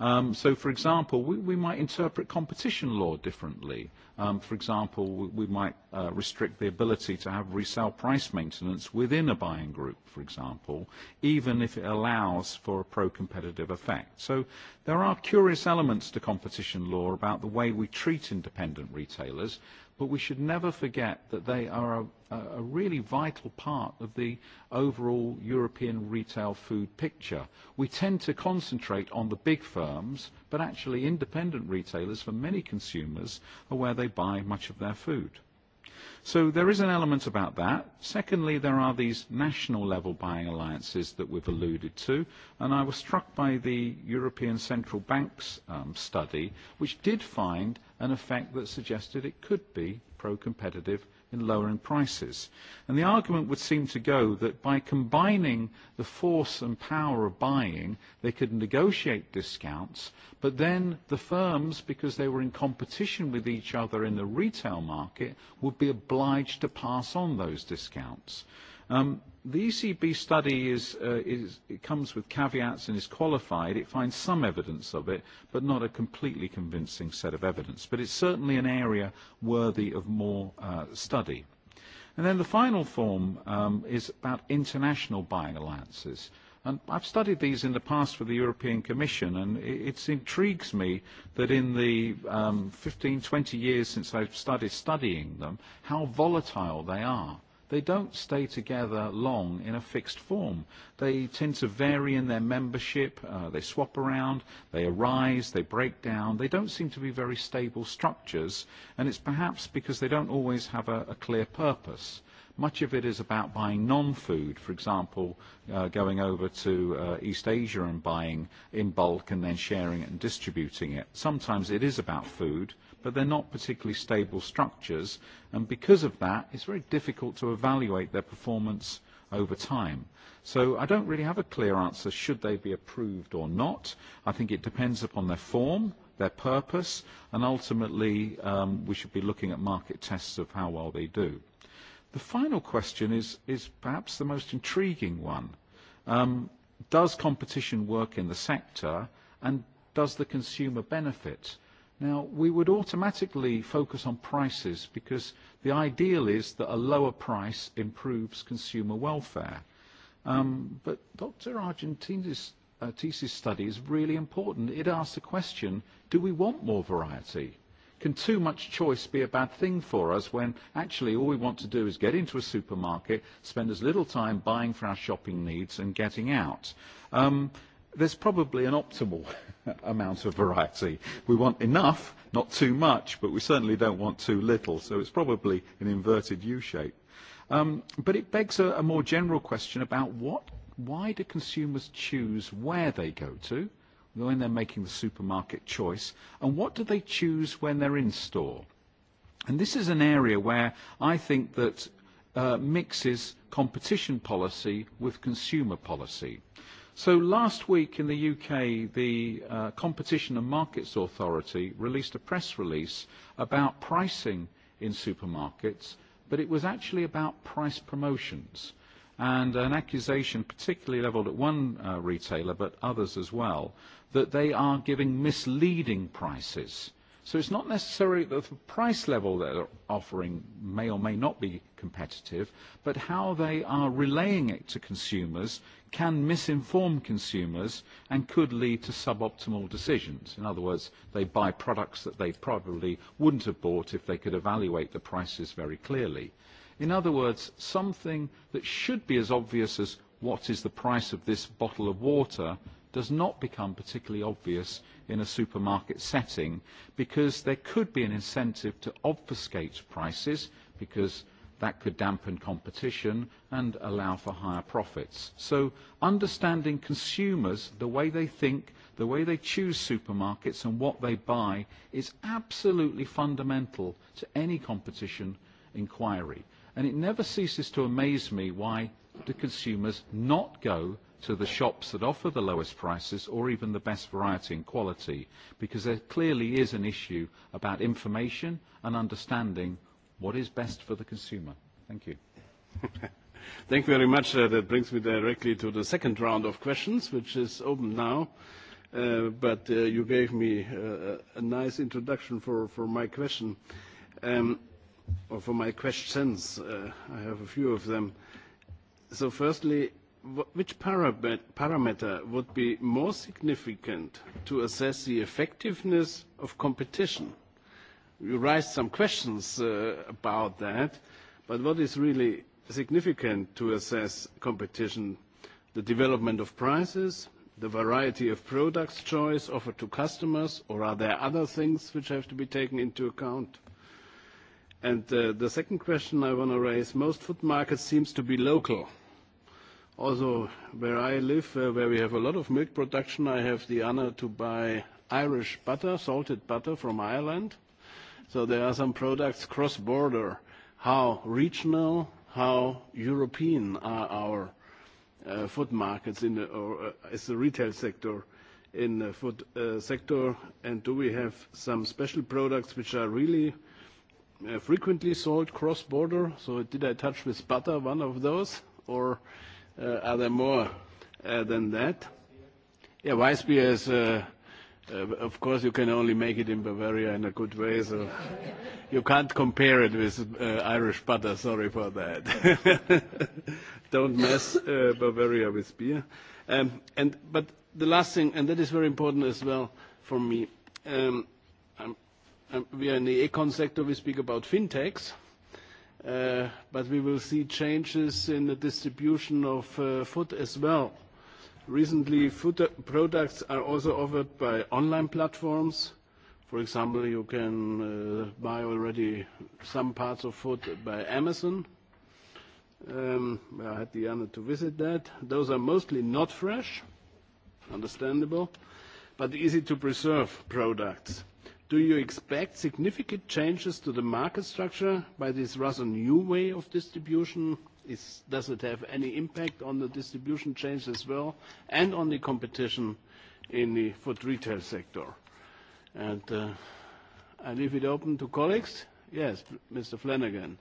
Um, so, for example, we, we might interpret competition law differently Um, for example, we might uh, restrict the ability to have resale price maintenance within a buying group, for example, even if it allows for a pro-competitive effect. So there are curious elements to competition law about the way we treat independent retailers, but we should never forget that they are a, a really vital part of the overall European retail food picture. We tend to concentrate on the big firms but actually independent retailers for many consumers are where they buy much of their food. So there is an element about that. Secondly, there are these national level buying alliances that we've alluded to, and I was struck by the European Central Bank's um, study, which did find an effect that suggested it could be pro-competitive in lowering prices. And the argument would seem to go that by combining the force and power of buying, they could negotiate discounts, but then the firms, because they were in competition with each other in the retail market, would be obliged to pass on those discounts. Um, the ECB study is, uh, is, it comes with caveats and is qualified. It finds some evidence of it, but not a completely convincing set of evidence. But it's certainly an area worthy of more uh, study. And then the final form um, is about international buying alliances. And I've studied these in the past for the European Commission, and it, intrigues me that in the um, 15, 20 years since I've started studying them, how volatile they are they don't stay together long in a fixed form. They tend to vary in their membership, uh, they swap around, they arise, they break down. They don't seem to be very stable structures, and it's perhaps because they don't always have a, a clear purpose. Much of it is about buying non-food, for example, uh, going over to uh, East Asia and buying in bulk and then sharing it and distributing it. Sometimes it is about food, but they're not particularly stable structures, and because of that, it's very difficult to evaluate their performance over time. So I don't really have a clear answer, should they be approved or not. I think it depends upon their form, their purpose, and ultimately um, we should be looking at market tests of how well they do. The final question is, is perhaps the most intriguing one. Um, does competition work in the sector, and does the consumer benefit? Now, we would automatically focus on prices because the ideal is that a lower price improves consumer welfare. Um, but Dr. Argentina's uh, thesis study is really important. It asks the question, do we want more variety? Can too much choice be a bad thing for us when actually all we want to do is get into a supermarket, spend as little time buying for our shopping needs and getting out? Um, there's probably an optimal amount of variety. We want enough, not too much, but we certainly don't want too little. So it's probably an inverted U shape. Um, but it begs a, a more general question about what, why do consumers choose where they go to when they're making the supermarket choice, and what do they choose when they're in store? And this is an area where I think that uh, mixes competition policy with consumer policy So last week in the UK, the uh, Competition and Markets Authority released a press release about pricing in supermarkets, but it was actually about price promotions and an accusation particularly levelled at one uh, retailer, but others as well, that they are giving misleading prices So it's not necessarily that the price level that they're offering may or may not be competitive, but how they are relaying it to consumers can misinform consumers and could lead to suboptimal decisions. In other words, they buy products that they probably wouldn't have bought if they could evaluate the prices very clearly. In other words, something that should be as obvious as what is the price of this bottle of water does not become particularly obvious in a supermarket setting because there could be an incentive to obfuscate prices because that could dampen competition and allow for higher profits. So understanding consumers, the way they think, the way they choose supermarkets and what they buy is absolutely fundamental to any competition inquiry. And it never ceases to amaze me why do consumers not go to the shops that offer the lowest prices or even the best variety and quality, because there clearly is an issue about information and understanding what is best for the consumer. Thank you. Thank you very much. Uh, That brings me directly to the second round of questions, which is open now. Uh, But uh, you gave me uh, a nice introduction for for my question, um, or for my questions. Uh, I have a few of them. So firstly, which parameter would be more significant to assess the effectiveness of competition? You raised some questions about that, but what is really significant to assess competition? The development of prices, the variety of products choice offered to customers, or are there other things which have to be taken into account? And The second question I want to raise, most food markets seems to be local Also, where I live, uh, where we have a lot of milk production, I have the honor to buy Irish butter, salted butter from Ireland. So there are some products cross-border. How regional, how European are our uh, food markets in the, or uh, as the retail sector in the food uh, sector? And do we have some special products which are really uh, frequently sold cross-border? So did I touch with butter one of those? Or are there more than that? Yeah, Weissbier is, uh, uh, of course, you can only make it in Bavaria in a good way, so you can't compare it with uh, Irish butter. Sorry for that. Don't mess uh, Bavaria with beer. Um, and but the last thing, and that is very important as well for me. Um, I'm, we are in the econ sector. We speak about fintechs but we will see changes in the distribution of food as well. Recently, food products are also offered by online platforms. For example, you can buy already some parts of food by Amazon. I had the honor to visit that. Those are mostly not fresh, understandable, but easy to preserve products Do you expect significant changes to the market structure by this rather new way of distribution? Does it have any impact on the distribution change as well and on the competition in the food retail sector? And I leave it open to colleagues. Yes, Mr. Flanagan.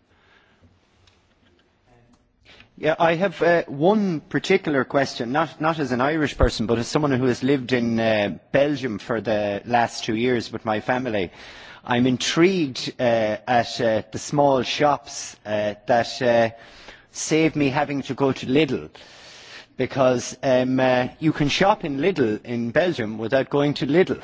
Yeah, I have uh, one particular question, not, not as an Irish person, but as someone who has lived in uh, Belgium for the last two years with my family. I'm intrigued uh, at uh, the small shops uh, that uh, save me having to go to Lidl. Because um, uh, you can shop in Lidl in Belgium without going to Lidl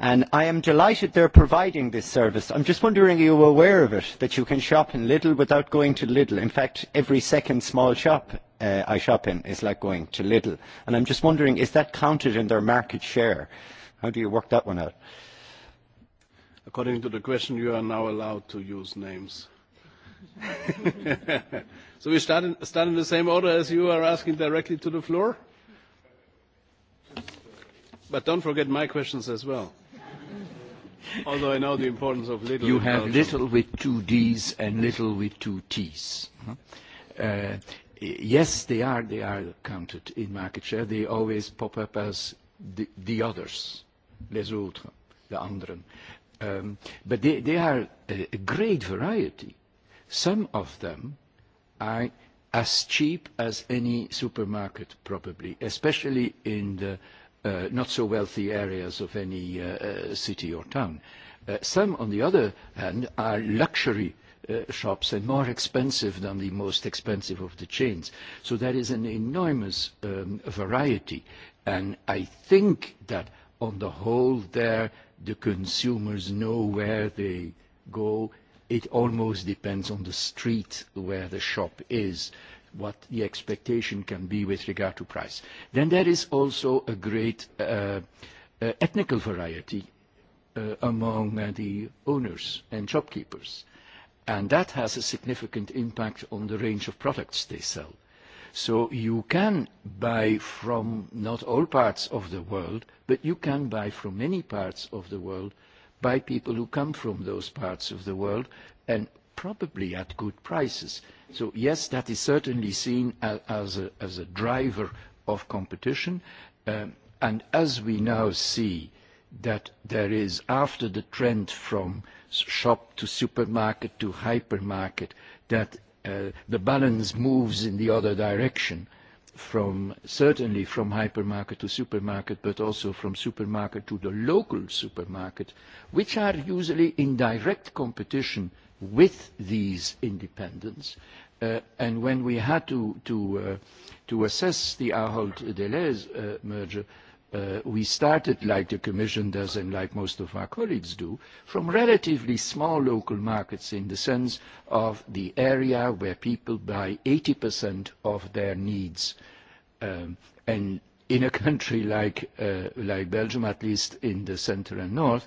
And I am delighted they are providing this service. I am just wondering, are you aware of it, that you can shop in Lidl without going to Lidl? In fact, every second small shop I shop in is like going to Lidl. And I am just wondering, is that counted in their market share? How do you work that one out? According to the question, you are now allowed to use names. so we start in, start in the same order as you are asking directly to the floor. But don't forget my questions as well. Although I know the importance of little. You have little with two Ds and little with two Ts. Uh, yes, they are they are counted in market share. They always pop up as the, the others, les autres, the anderen. Um, but they, they are a, a great variety. Some of them are as cheap as any supermarket, probably, especially in the not so wealthy areas of any city or town. some, on the other hand, are luxury shops and more expensive than the most expensive of the chains. So there is an enormous variety. And I think that on the whole there, the consumers know where they go. It almost depends on the street where the shop is what the expectation can be with regard to price. Then there is also a great uh, uh, ethnical variety uh, among uh, the owners and shopkeepers. And that has a significant impact on the range of products they sell. So you can buy from not all parts of the world, but you can buy from many parts of the world by people who come from those parts of the world and probably at good prices. So yes, that is certainly seen as a driver of competition. And as we now see that there is, after the trend from shop to supermarket to hypermarket, that the balance moves in the other direction, from certainly from hypermarket to supermarket, but also from supermarket to the local supermarket, which are usually in direct competition with these independents. and when we had to, assess the Ahold-Deleuze merger, we started, like the Commission does and like most of our colleagues do, from relatively small local markets in the sense of the area where people buy 80% of their needs. and in a country like, Belgium, at least in the centre and north,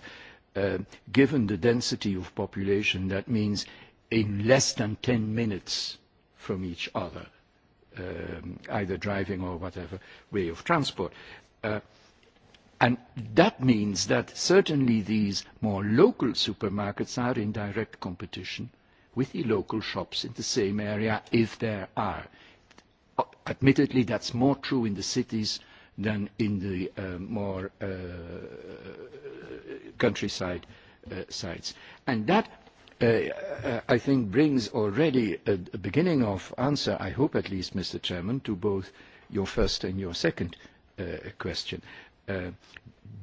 given the density of population, that means in less than 10 minutes from each other, um, either driving or whatever way of transport. Uh, and that means that certainly these more local supermarkets are in direct competition with the local shops in the same area, if there are. Admittedly, that's more true in the cities than in the uh, more uh, countryside uh, sites. And that, uh, I think, brings already a, a beginning of answer, I hope at least, Mr. Chairman, to both your first and your second uh, question. Uh,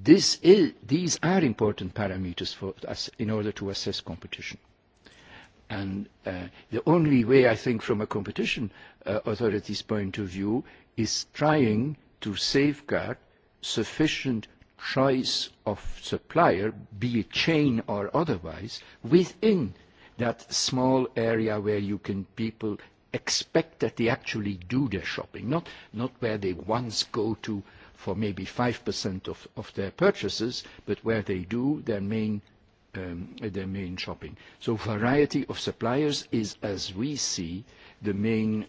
this is, these are important parameters for us in order to assess competition. And uh, the only way, I think, from a competition uh, authority's point of view, is trying to safeguard sufficient choice of supplier, be it chain or otherwise, within that small area where you can people expect that they actually do their shopping, not, not where they once go to for maybe 5% of, of their purchases, but where they do their main, um, their main shopping. So variety of suppliers is, as we see, uh, the main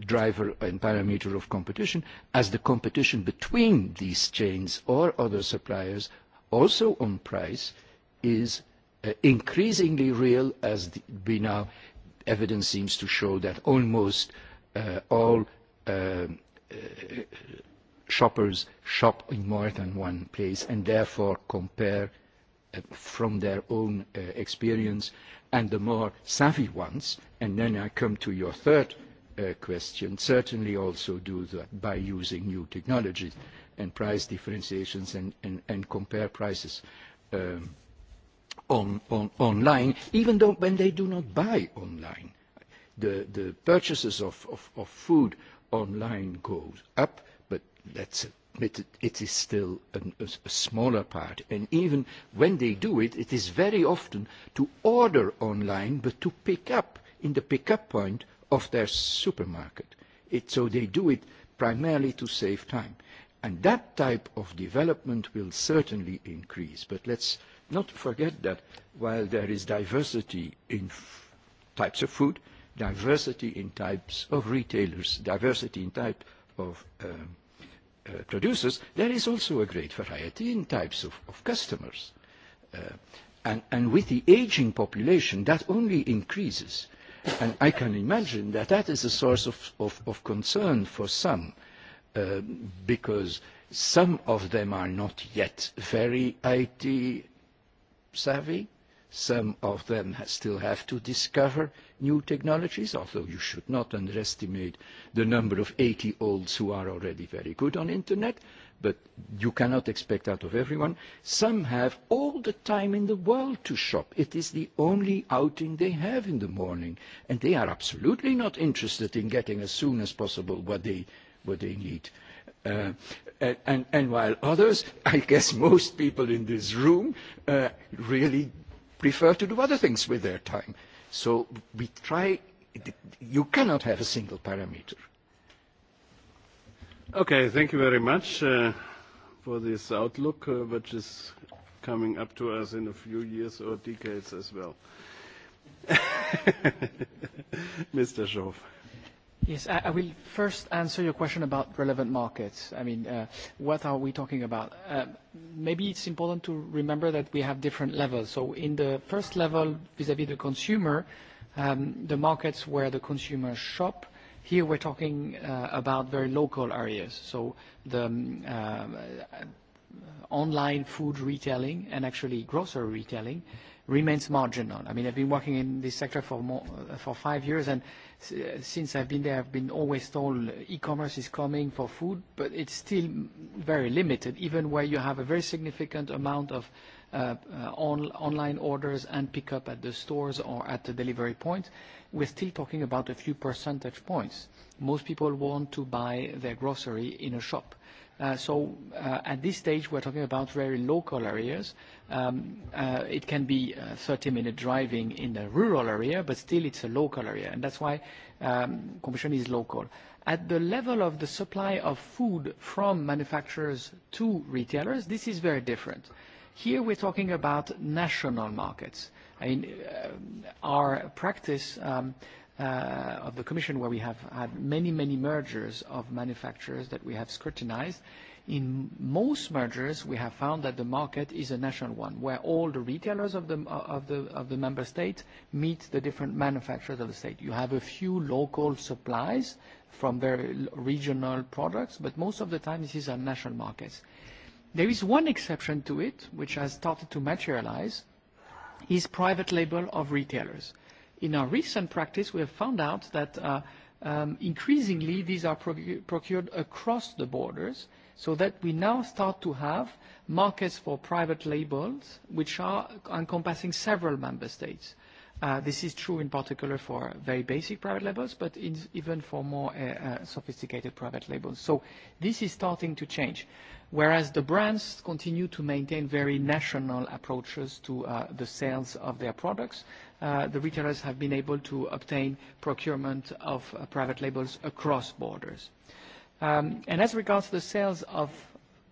driver and parameter of competition, as the competition between these chains or other suppliers, also on price, is increasingly real as we now evidence seems to show that almost all shoppers shop in more than one place and therefore compare from their own experience and the more savvy ones, and then I come to your third question, certainly also do that by using new technologies and price differentiations and compare prices online, even though when they do not buy online. The purchases of food online goes up, but that's a but it is still a a smaller part. And even when they do it, it is very often to order online, but to pick up in the pick-up point of their supermarket. so they do it primarily to save time. And that type of development will certainly increase. But let's not forget that while there is diversity in types of food, diversity in types of retailers, diversity in type of um, producers, there is also a great variety in types of, of customers. Uh, and, and with the aging population, that only increases. And I can imagine that that is a source of, of, of concern for some, uh, because some of them are not yet very IT savvy, Some of them still have to discover new technologies, although you should not underestimate the number of 80-olds who are already very good on internet, but you cannot expect out of everyone. Some have all the time in the world to shop. It is the only outing they have in the morning, and they are absolutely not interested in getting as soon as possible what they, what they need. Uh, and, and, and while others, I guess most people in this room, uh, really prefer to do other things with their time. So we try, you cannot have a single parameter. Okay, thank you very much uh, for this outlook, uh, which is coming up to us in a few years or decades as well. Mr. Schoff. Yes, I I will first answer your question about relevant markets. I mean, uh what are we talking about? Maybe it's important to remember that we have different levels. So in the first level, vis-à-vis the consumer, um the markets where the consumers shop, here we're talking uh about very local areas. So the um uh online food retailing and actually grocery retailing remains marginal. I mean, I've been working in this sector for more for five years, and since I've been there, I've been always told e-commerce is coming for food, but it's still very limited, even where you have a very significant amount of uh on online orders and pickup at the stores or at the delivery point. We're still talking about a few percentage points. Most people want to buy their grocery in a shop So At this stage, we're talking about very local areas. It can be 30-minute driving in a rural area, but still it's a local area, and that's why competition is local. At the level of the supply of food from manufacturers to retailers, this is very different. Here we're talking about national markets. I mean, our practice of the Commission, where we have had many, many mergers of manufacturers that we have scrutinized. In most mergers, we have found that the market is a national one, where all the retailers of the member state meet the different manufacturers of the state. You have a few local supplies from very regional products, but most of the time, this is on national markets. There is one exception to it, which has started to materialize, is private label of retailers in our recent practice, we have found out that increasingly these are procured across the borders, so that we now start to have markets for private labels which are encompassing several member states. this is true in particular for very basic private labels, but in, even for more sophisticated private labels. So this is starting to change, whereas the brands continue to maintain very national approaches to the sales of their products, the retailers have been able to obtain procurement of private labels across borders. As regards to the sales of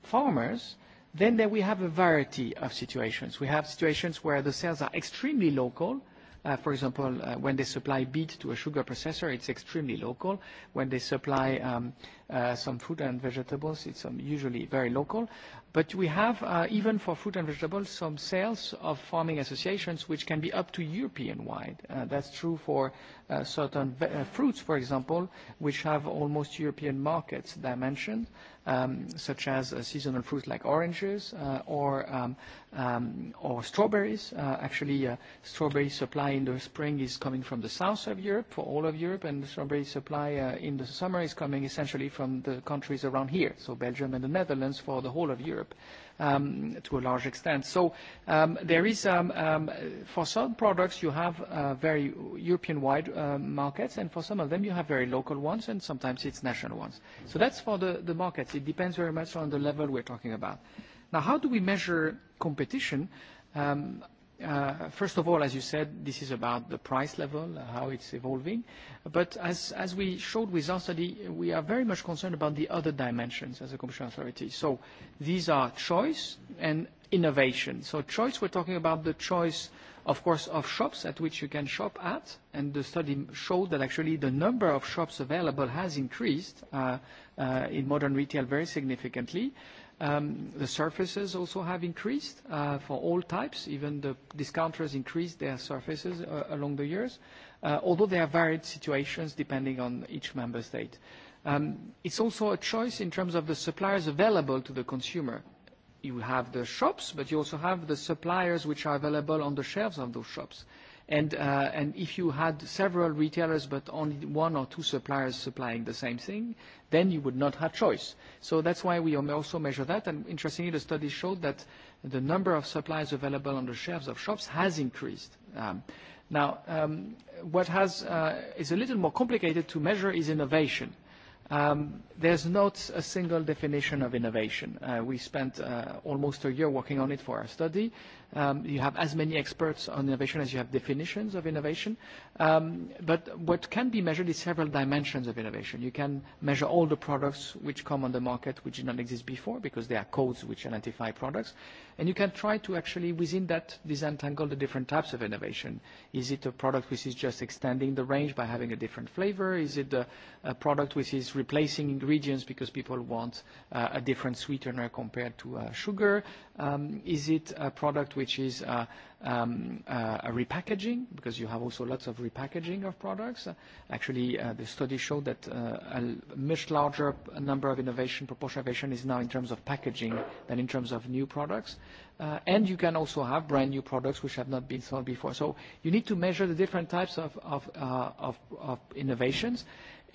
farmers, then there we have a variety of situations. We have situations where the sales are extremely local. For example, when they supply beet to a sugar processor, it's extremely local. When they supply uh, some fruit and vegetables. It's um, usually very local. But we have, uh, even for fruit and vegetables, some sales of farming associations which can be up to European-wide. that's true for uh, certain fruits, for example, which have almost European markets dimension, um, such as uh, seasonal fruits like oranges uh, or, um, um, or strawberries. Uh, actually, uh, strawberry supply in the spring is coming from the south of Europe, for all of Europe, and the strawberry supply uh, in the summer is coming essentially from the countries around here, so Belgium and the Netherlands for the whole of Europe to a large extent. So there is, for some products, you have very European-wide markets, and for some of them, you have very local ones, and sometimes it's national ones. So that's for the markets. It depends very much on the level we're talking about. Now, how do we measure competition? First of all, as you said, this is about the price level, how it's evolving. But as we showed with our study, we are very much concerned about the other dimensions as a competition authority. So these are choice and innovation. So choice, we're talking about the choice, of course, of shops at which you can shop at, and the study showed that actually the number of shops available has increased in modern retail very significantly. The surfaces also have increased for all types. Even the discounters increased their surfaces along the years, although there are varied situations depending on each member state. It's also a choice in terms of the suppliers available to the consumer. You have the shops, but you also have the suppliers which are available on the shelves of those shops And If you had several retailers, but only one or two suppliers supplying the same thing, then you would not have choice. So That's why we also measure that. Interestingly, the study showed that the number of suppliers available on the shelves of shops has increased. Now, what has is a little more complicated to measure is innovation. Um, there's not a single definition of innovation. Uh, we spent uh, almost a year working on it for our study you have as many experts on innovation as you have definitions of innovation. Um, but what can be measured is several dimensions of innovation. You can measure all the products which come on the market which did not exist before because there are codes which identify products. And you can try to actually, within that, disentangle the different types of innovation. Is it a product which is just extending the range by having a different flavor? Is it a, a product which is replacing ingredients because people want uh, a different sweetener compared to uh, sugar? Um, is it a product which is uh, um uh repackaging, because you have also lots of repackaging of products. Actually, uh the study showed that uh a much larger number of innovation, proportion of innovation is now in terms of packaging than in terms of new products. Uh And you can also have brand-new products which have not been sold before. So you need to measure the different types of of uh of of innovations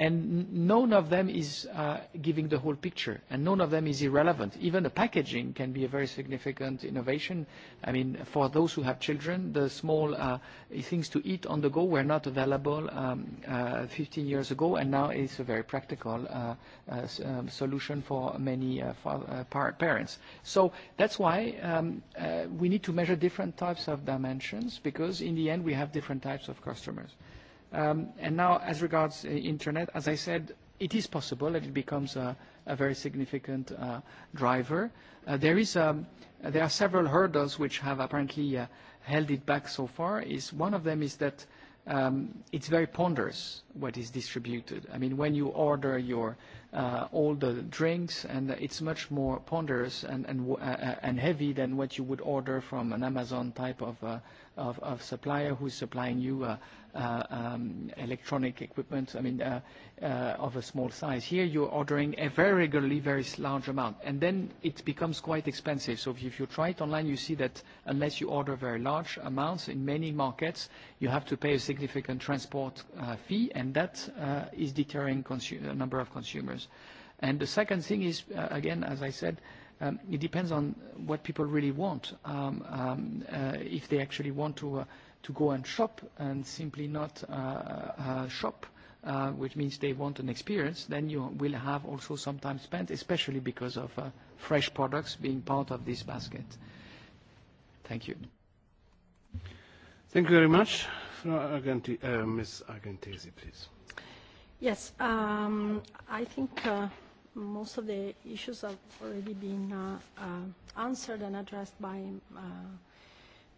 and none of them is uh, giving the whole picture, and none of them is irrelevant. Even the packaging can be a very significant innovation. I mean, for those who have children, the small uh, things to eat on the go were not available um, uh, 15 years ago, and now it's a very practical uh, uh, um, solution for many uh, for, uh, par parents. So that's why um, uh, we need to measure different types of dimensions, because in the end we have different types of customers. And now, as regards internet, as I said, it is possible that it becomes a very significant driver. There are several hurdles which have apparently held it back so far. One of them is that it's very ponderous what is distributed. I mean, when you order your all the drinks, and it's much more ponderous and heavy than what you would order from an Amazon type of of, of supplier who's supplying you uh, uh, um, electronic equipment, I mean, uh, uh, of a small size. Here you're ordering a very regularly very large amount, and then it becomes quite expensive. So if you try it online, you see that unless you order very large amounts in many markets, you have to pay a significant transport uh, fee, and that uh, is deterring a number of consumers. And the second thing is, uh, again, as I said, uh, um, it depends on what people really want. Um, uh, if they actually want to, uh, to go and shop and simply not uh, uh, shop, uh, which means they want an experience, then you will have also some time spent, especially because of uh, fresh products being part of this basket. Thank you. Thank you very much. Argenti, Ms. Argentesi, please. Yes, I think most of the issues have already been uh, uh, answered and addressed by uh,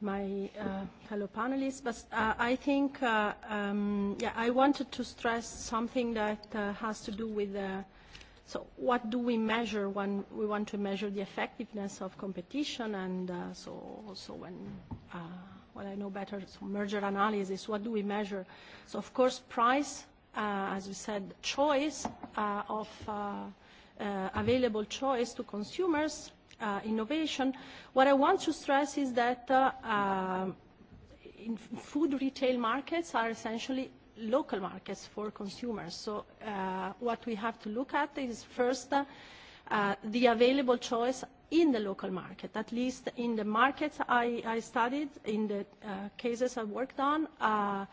my uh, fellow panelists, but uh, I think uh, um, yeah, I wanted to stress something that uh, has to do with uh, so what do we measure when we want to measure the effectiveness of competition and uh, so also when uh, well I know better so merger analysis what do we measure so of course price uh, as you said choice uh, of uh, uh, available choice to consumers, uh, innovation. What I want to stress is that uh, uh, in food retail markets are essentially local markets for consumers. So uh, what we have to look at is first uh, uh, the available choice in the local market, at least in the markets I, I studied, in the uh, cases I worked on, uh,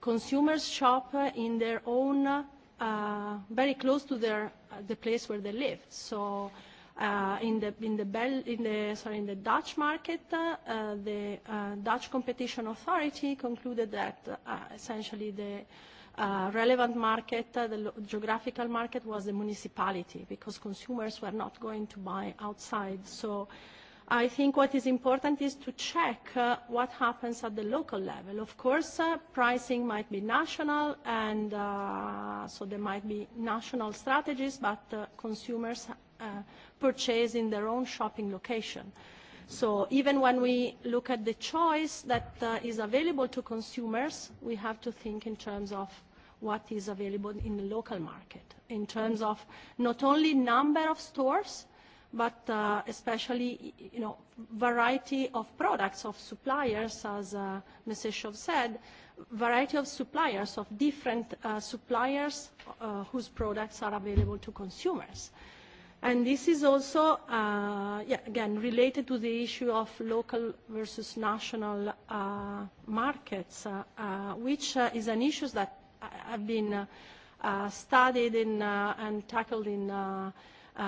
consumers shop in their own uh, very close to their uh the place where they live. So uh, in the in the Bel in the sorry in the Dutch market, uh, uh, the uh, Dutch competition authority concluded that uh, essentially the uh, relevant market, uh, the geographical market was the municipality because consumers were not going to buy outside. So I think what is important is to check uh, what happens at the local level. Of course, uh, pricing might be national, and uh, so there might be national strategies, but uh, consumers uh, purchase in their own shopping location. So even when we look at the choice that uh, is available to consumers, we have to think in terms of what is available in the local market, in terms of not only number of stores, but uh, especially you know, variety of products of suppliers, as uh, Mrs. Shov said, variety of suppliers, of different uh, suppliers uh, whose products are available to consumers. And this is also, uh, yeah, again, related to the issue of local versus national uh, markets, uh, uh, which uh, is an issue that have been uh, studied in, uh, and tackled in uh,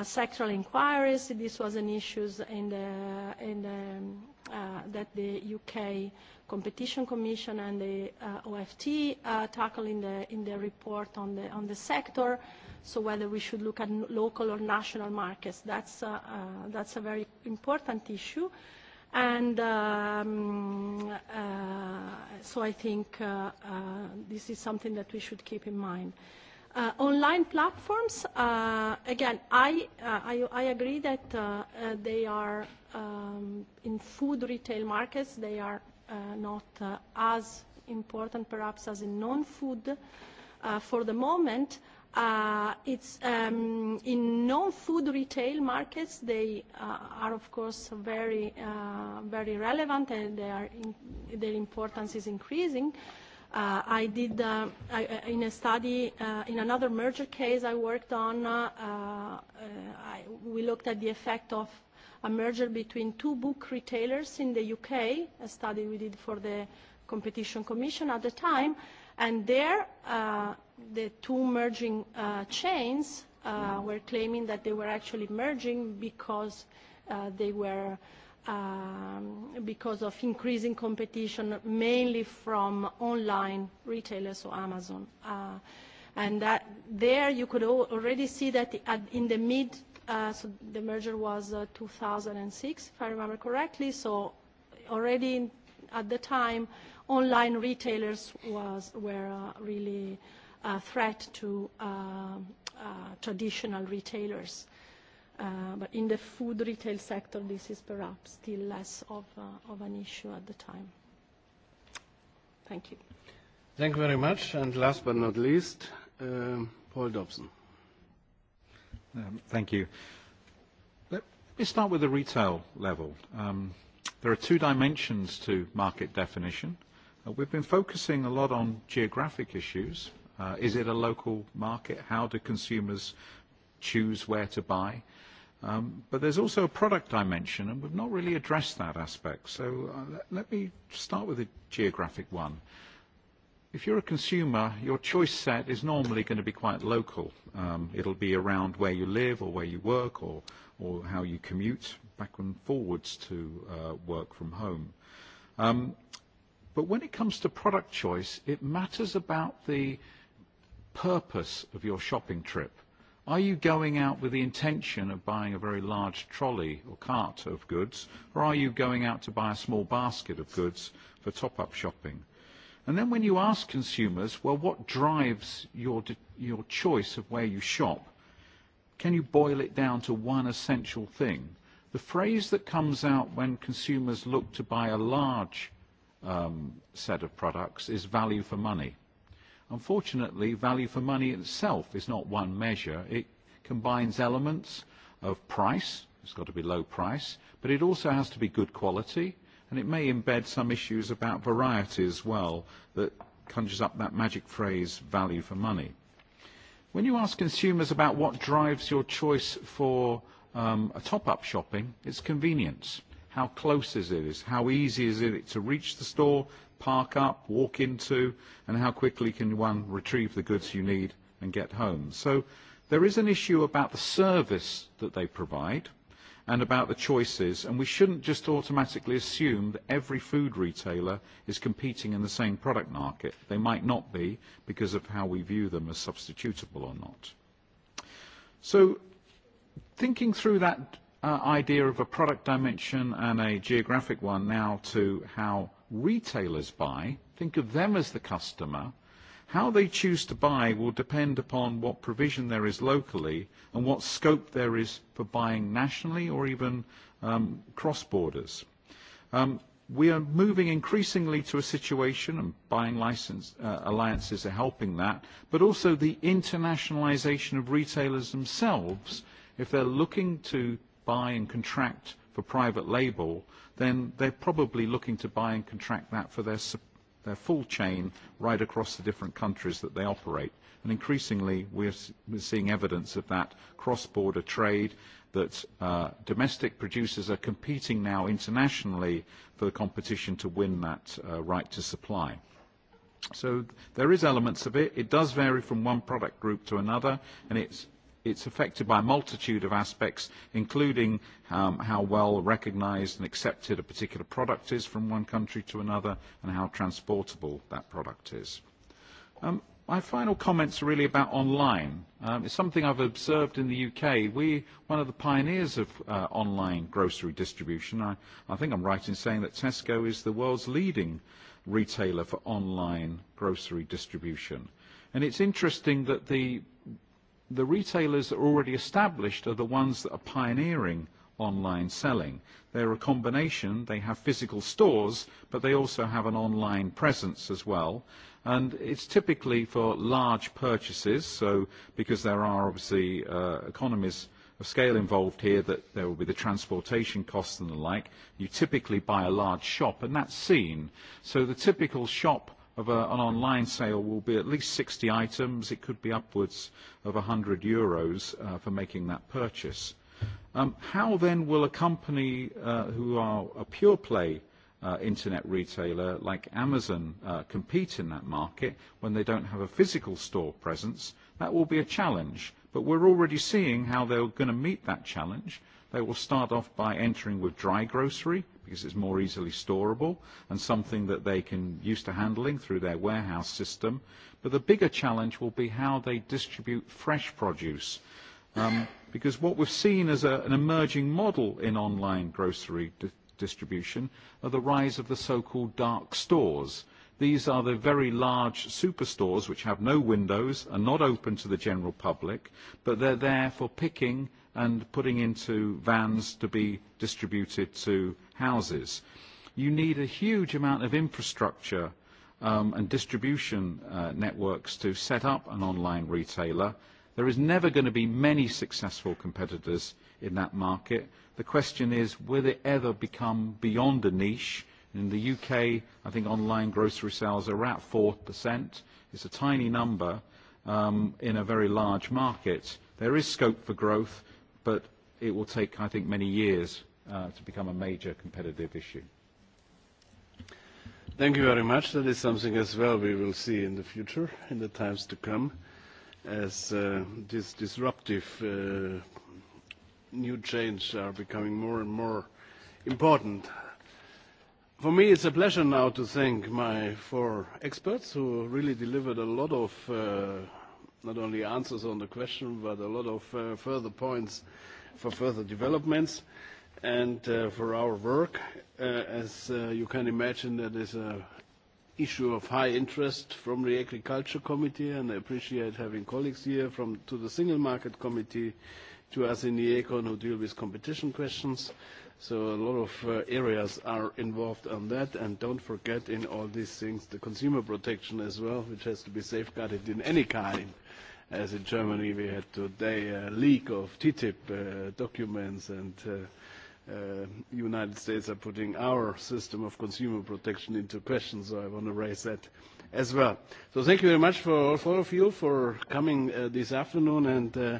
sectoral inquiries. This was an issue in the, in the, uh, that the UK Competition Commission and the uh, OFT uh, tackle in the, in the report on the, on the sector. So whether we should look at local or national markets, that's, uh, uh, that's a very important issue. And um, uh, so I think uh, uh, this is something that we should keep in mind. Uh, Uh, online platforms, uh, again, I, uh, I, I agree that uh, uh, they are um, in food retail markets, they are uh, not uh, as important perhaps as in non-food. Uh, for the moment, uh, it's um, in non-food retail markets, they uh, are of course very, uh, very relevant and they are in, their importance is increasing. Uh, Uh, I did uh, I, in a study uh, in another merger case I worked on. Uh, uh, I, we looked at the effect of a merger between two book retailers in the UK, a study we did for the Competition Commission at the time, and there uh, the two merging uh, chains uh, were claiming that they were actually merging because uh, they were because of increasing competition, mainly from online retailers, so Amazon. And that there you could already see that in the mid, so the merger was 2006, if I remember correctly. So already at the time, online retailers was were really a threat to traditional retailers Uh, but in the food retail sector, this is perhaps still less of, of an issue at the time. Thank you. Thank you very much. And last but not least, Paul Dobson. thank you. Let me start with the retail level. Um, there are two dimensions to market definition. Uh, we've been focusing a lot on geographic issues. Uh, is it a local market? How do consumers choose where to buy? Um, but there's also a product dimension, and we've not really addressed that aspect. So uh, let me start with a geographic one. If you're a consumer, your choice set is normally going to be quite local. Um, it'll be around where you live or where you work or, or how you commute back and forwards to uh, work from home. Um, but when it comes to product choice, it matters about the purpose of your shopping trip Are you going out with the intention of buying a very large trolley or cart of goods, or are you going out to buy a small basket of goods for top-up shopping? And then when you ask consumers, well, what drives your, your choice of where you shop, can you boil it down to one essential thing? The phrase that comes out when consumers look to buy a large um, set of products is value for money. Unfortunately, value for money itself is not one measure. It combines elements of price, it's got to be low price, but it also has to be good quality, and it may embed some issues about variety as well that conjures up that magic phrase, value for money. When you ask consumers about what drives your choice for um, a top-up shopping, it's convenience. How close is it? How easy is it to reach the store? park up, walk into, and how quickly can one retrieve the goods you need and get home. So there is an issue about the service that they provide and about the choices, and we shouldn't just automatically assume that every food retailer is competing in the same product market. They might not be because of how we view them as substitutable or not. So thinking through that uh, idea of a product dimension and a geographic one now to how retailers buy, think of them as the customer. How they choose to buy will depend upon what provision there is locally and what scope there is for buying nationally or even um, cross borders. Um, we are moving increasingly to a situation, and buying license uh, alliances are helping that, but also the internationalization of retailers themselves. If they're looking to buy and contract for private label, then they're probably looking to buy and contract that for their, their full chain right across the different countries that they operate. And increasingly, we're, we're seeing evidence of that cross-border trade, that uh, domestic producers are competing now internationally for the competition to win that uh, right to supply. So there is elements of it. It does vary from one product group to another, and it's it's affected by a multitude of aspects, including um, how well recognized and accepted a particular product is from one country to another and how transportable that product is. Um, my final comments are really about online. Um, it's something I've observed in the UK. We're one of the pioneers of uh, online grocery distribution. I, I think I'm right in saying that Tesco is the world's leading retailer for online grocery distribution. And it's interesting that the the retailers that are already established are the ones that are pioneering online selling. They're a combination. They have physical stores, but they also have an online presence as well. And it's typically for large purchases, so because there are obviously uh, economies of scale involved here that there will be the transportation costs and the like. You typically buy a large shop, and that's seen. So the typical shop of a, an online sale will be at least 60 items. It could be upwards of 100 euros uh, for making that purchase. Um, how then will a company uh, who are a pure play uh, internet retailer like Amazon uh, compete in that market when they don't have a physical store presence? That will be a challenge. But we're already seeing how they're going to meet that challenge. They will start off by entering with dry grocery because it's more easily storable and something that they can use to handling through their warehouse system. But the bigger challenge will be how they distribute fresh produce. Um, because what we've seen as a, an emerging model in online grocery di- distribution are the rise of the so-called dark stores. These are the very large superstores which have no windows, are not open to the general public, but they're there for picking and putting into vans to be distributed to houses. You need a huge amount of infrastructure um, and distribution uh, networks to set up an online retailer. There is never going to be many successful competitors in that market. The question is, will it ever become beyond a niche? In the U.K., I think online grocery sales are at 4%. It's a tiny number um in a very large market. There is scope for growth, but it will take, I think, many years uh, to become a major competitive issue. Thank you very much. That is something as well we will see in the future, in the times to come, as uh, these disruptive uh, new change are becoming more and more important. For me, it's a pleasure now to thank my four experts who really delivered a lot of uh, not only answers on the question, but a lot of uh, further points for further developments and uh, for our work. Uh, as uh, you can imagine, that is an issue of high interest from the Agriculture Committee, and I appreciate having colleagues here from to the Single Market Committee, to us in the ECON who deal with competition questions. So a lot of uh, areas are involved on that. And don't forget in all these things the consumer protection as well, which has to be safeguarded in any kind. As in Germany, we had today a leak of TTIP uh, documents and uh, uh, United States are putting our system of consumer protection into question, so I want to raise that as well. So thank you very much for all four of you for coming uh, this afternoon and uh,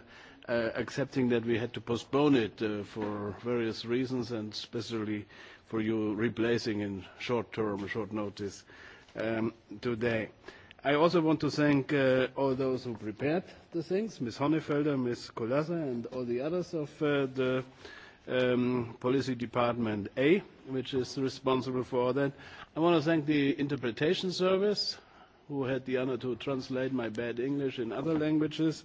accepting that we had to postpone it for various reasons, and especially for you replacing in short term, short notice today. I also want to thank all those who prepared the things, Ms. Honnefelder, Ms. Colasa, and all the others of the Policy Department A, which is responsible for all that. I want to thank the interpretation service, who had the honor to translate my bad English in other languages,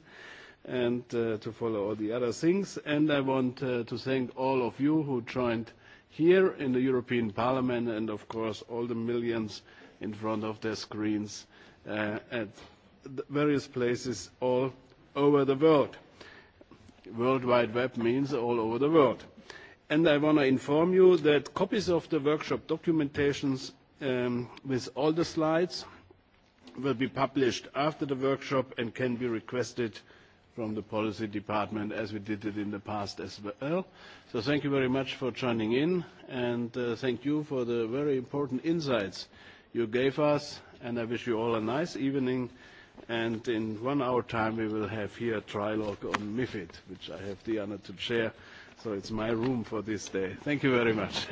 and uh, to follow all the other things. And I want uh, to thank all of you who joined here in the European Parliament and, of course, all the millions in front of their screens uh, at various places all over the world. World Wide Web means all over the world. And I want to inform you that copies of the workshop documentations um, with all the slides will be published after the workshop and can be requested uh, from the policy department as we did it in the past as well. So thank you very much for joining in and uh, thank you for the very important insights you gave us and I wish you all a nice evening and in one hour time we will have here a trilogue on MIFID which I have the honor to chair so it's my room for this day. Thank you very much.